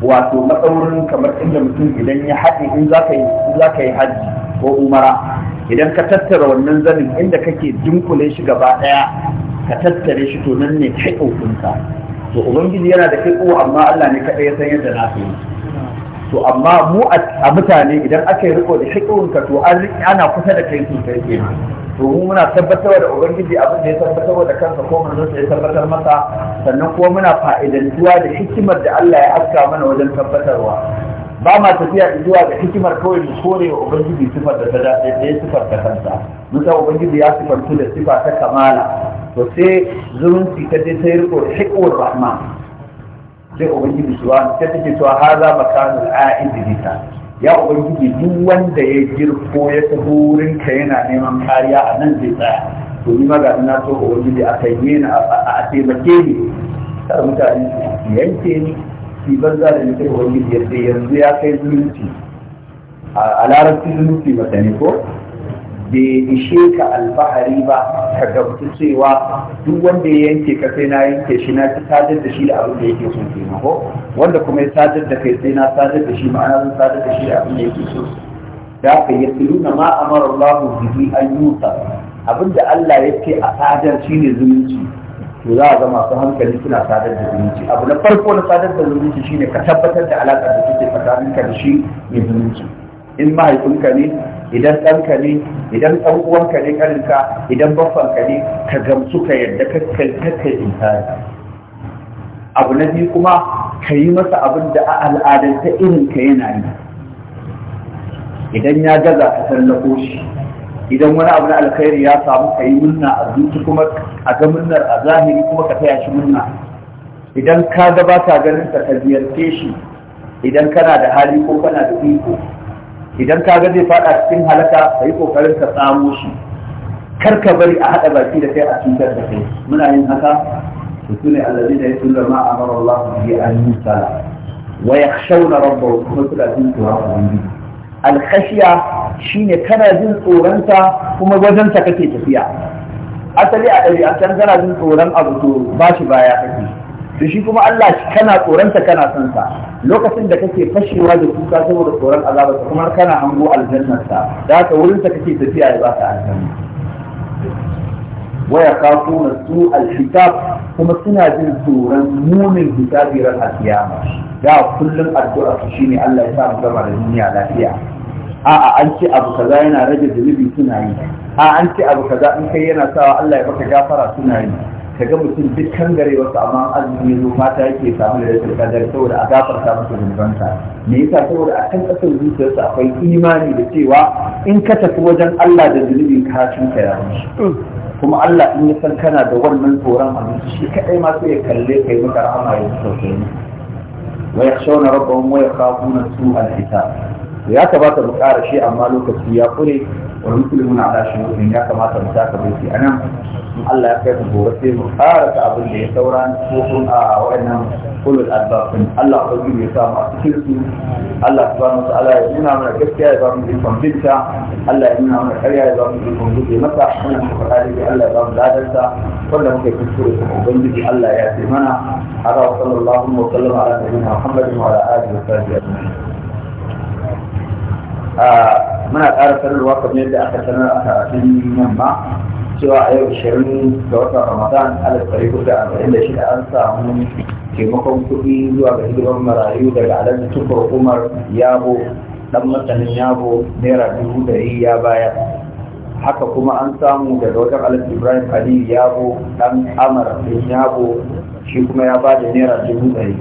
wato matsaurin kamar inda mutum idan ya haɗe in za ka yi hajji ko umara idan ka tattara wannan zanin inda kake dunkule shi gaba ɗaya ka tattare shi to nan ne kai kokunsa to ubangiji yana da kai kowa amma Allah ne kaɗai ya san yadda na yi to amma mu a mutane idan aka yi riko da ka to ana kusa da kai sosai kenan to mu muna tabbatar da ubangiji abin da ya tabbatar da kansa ko manzon ya tabbatar masa sannan kuma muna fa'idantuwa da hikimar da Allah ya aska mana wajen tabbatarwa ba ma tafiya zuwa ga hikimar kawai mu kore wa ubangiji sifar da ta dace da sifar da kansa musa ubangiji ya sifantu da sifa ta kamala to sai zurunci ta je ta yi riko hikwar rahma sai ubangiji suwa ta take cewa haza makanul a'id bika ya ubangiji duk wanda ya girko ya taho wurin ka yana neman kariya a nan zai tsaya to ni maga ina so ubangiji a kai ni a taimake ni kar mutane su yanke ni shi banza da nake ubangiji yadda yanzu ya kai zurunci a larabci zumunci mata ne ko bai ishe ka alfahari ba ka gamsu cewa duk wanda ya yanke ka sai na yanke shi na ci sadar da shi da abin da yake so ke ko wanda kuma ya sadar da kai sai na sadar da shi ma'ana zan sadar da shi da abin da yake so da haka ya tiluna ma amara babu bihi an yusa abin da Allah ya ce a sadar shine zumunci to za a ga masu hankali suna sadar da zumunci abu na farko na sadar da zumunci shine ka tabbatar da alaƙar da take tsakaninka da shi mai zumunci in mahaifinka ne idan ɗanka ne idan ɗan uwanka ne ƙarinka idan baffanka ne ka gamsu ka yarda kakkai inkari abu na biyu kuma ka yi masa abin da a al'adanta irin ka yana yi idan ya gaza ka tallafo shi idan wani abu na alkhairi ya samu ka yi murna a zuci kuma a ga murnar a zahiri kuma ka taya shi murna idan ka gabata ganin ka ziyarce shi idan kana da hali ko kana da iko idan ka ga zai fada cikin halaka ka kokarin ka samu shi karka bari a hada baki da kai a cikin da kai muna yin haka to sune allazi da yasu da ma amara Allah bi an yusala wa yakhshawna rabbahum kuma suna jin tsoron ubangiji alkhashiya shine kana jin tsoron ta kuma wajen kake tafiya asali a dari ɗabi'antar kana jin tsoron abu to ba shi baya kake to shi kuma Allah kana tsoronsa kana son sa lokacin da kake fashewa da kuka saboda tsoron azabarsa kuma kana hango aljannarsa da haka wurin sa kake tafiya ya baka aljanna waya kafu na su alhitab kuma suna jin tsoron munin hisabi ran alkiyama da kullum addu'a su shine Allah ya sa mu gama da duniya lafiya a'a an ce abu kaza yana rage zunubi suna yi a'a an ce abu kaza in kai yana sawa Allah ya baka gafara suna yi ga mutum dukkan kan gare wasu amma azumi zo fata yake samu da rashin kadar saboda a gafarta masa zunubansa me yasa saboda a kan kasar zuciyarsa akwai imani da cewa in ka tafi wajen Allah da zunubi ka cuta ya kuma Allah in ya san kana da wannan tsoron a abinci shi Kaɗai ma sai ya kalle kai maka rahama ya sauke ni wa yakhshawna rabbahum wa yakhafuna su'al hisab ya kamata mu ƙara shi amma lokaci ya kure wa musulmi ala shi ya kamata mu saka bai a anan in Allah ya kai mu gobe sai mu ƙara ta abin da ya saura ko kun a wannan kulul albabin Allah ko ya sa mu a cikin su Allah subhanahu wa ta'ala ya nuna mana gaskiya ya ba mu ikon Allah ya nuna mana ƙarya ya ba mu ikon guje masa wannan mu faɗa da Allah ya ba mu ladarsa wanda muke kuskure kuma ubangiji Allah ya ce mana hada sallallahu alaihi wa sallam ala nabiyina Muhammadin wa ala alihi wa sahbihi ajma'in muna ƙara sanarwa kamar yadda aka sanar a karatun yamma cewa a yau shirin ga watan ramadan alif ɗari da arba'in da shida an samu taimakon kuɗi zuwa ga hidimar marayu daga alhaji tukur umar yabo dan masanin yabo naira dubu ɗari ya bayar haka kuma an samu daga wajen alhaji ibrahim ali yabo dan amar ɗin yabo shi kuma ya ba da naira dubu ɗari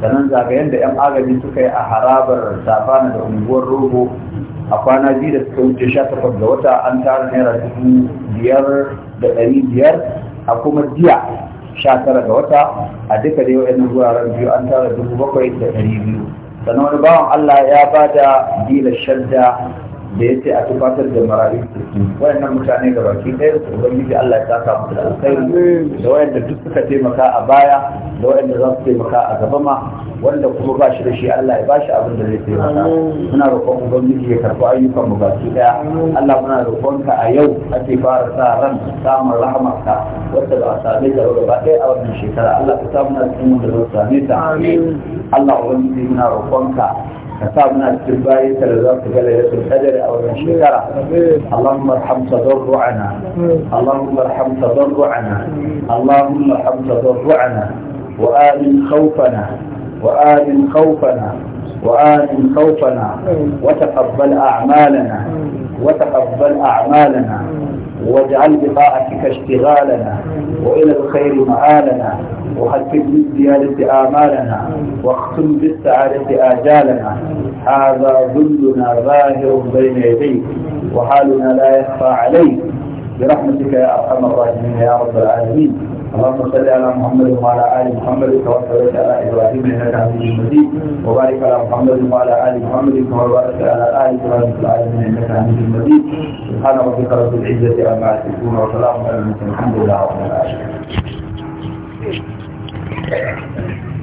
sannan zagayen da 'yan agaji suka yi a harabar safana da unguwar rogo a kwana biyu da suka wuce sha takwas ga wata an tara naira dubu biyar da ɗari biyar a kuma jiya sha tara ga wata a duka dai wa'annan wuraren biyu an tara dubu bakwai da ɗari biyu sannan wani bawan Allah ya ba da dila shadda da yake a tufatar da marayu wayannan mutane da baki ɗaya su ubangiji Allah ya saka musu da alkhairi da wayanda duk suka taimaka a baya da wayanda za su taimaka a gaba ma wanda kuma ba shi da shi Allah ya ba shi abin da zai taimaka muna roƙon ubangiji ya karɓi ayyukan mu baki ɗaya Allah muna roƙonka a yau ake fara sa ran samun rahamarka wanda ba a same ta gaba ɗaya a wannan shekara Allah ka samu na cikin wanda za su same ta Allah ubangiji muna roƙonka كتابنا التبائي تلذات بليلة القدر أو من اللهم ارحم تضرعنا اللهم ارحم تضرعنا اللهم ارحم تضرعنا وآمن خوفنا وآمن خوفنا وآمن خوفنا وتقبل أعمالنا وتقبل أعمالنا واجعل بطاعتك اشتغالنا وإلى الخير مآلنا وحفظ بالزيادة آمالنا واختم بالسعادة آجالنا هذا ظلنا ظاهر بين يديك وحالنا لا يخفى عليك برحمتك يا أرحم الراحمين يا رب العالمين اللهم صل على محمد وعلى ال محمد كما صليت على ابراهيم انك حميد مجيد وبارك على محمد وعلى ال محمد كما باركت على ال ابراهيم في العالمين انك حميد مجيد سبحان ربك رب العزه عما يصفون وسلام على المرسلين الحمد لله رب العالمين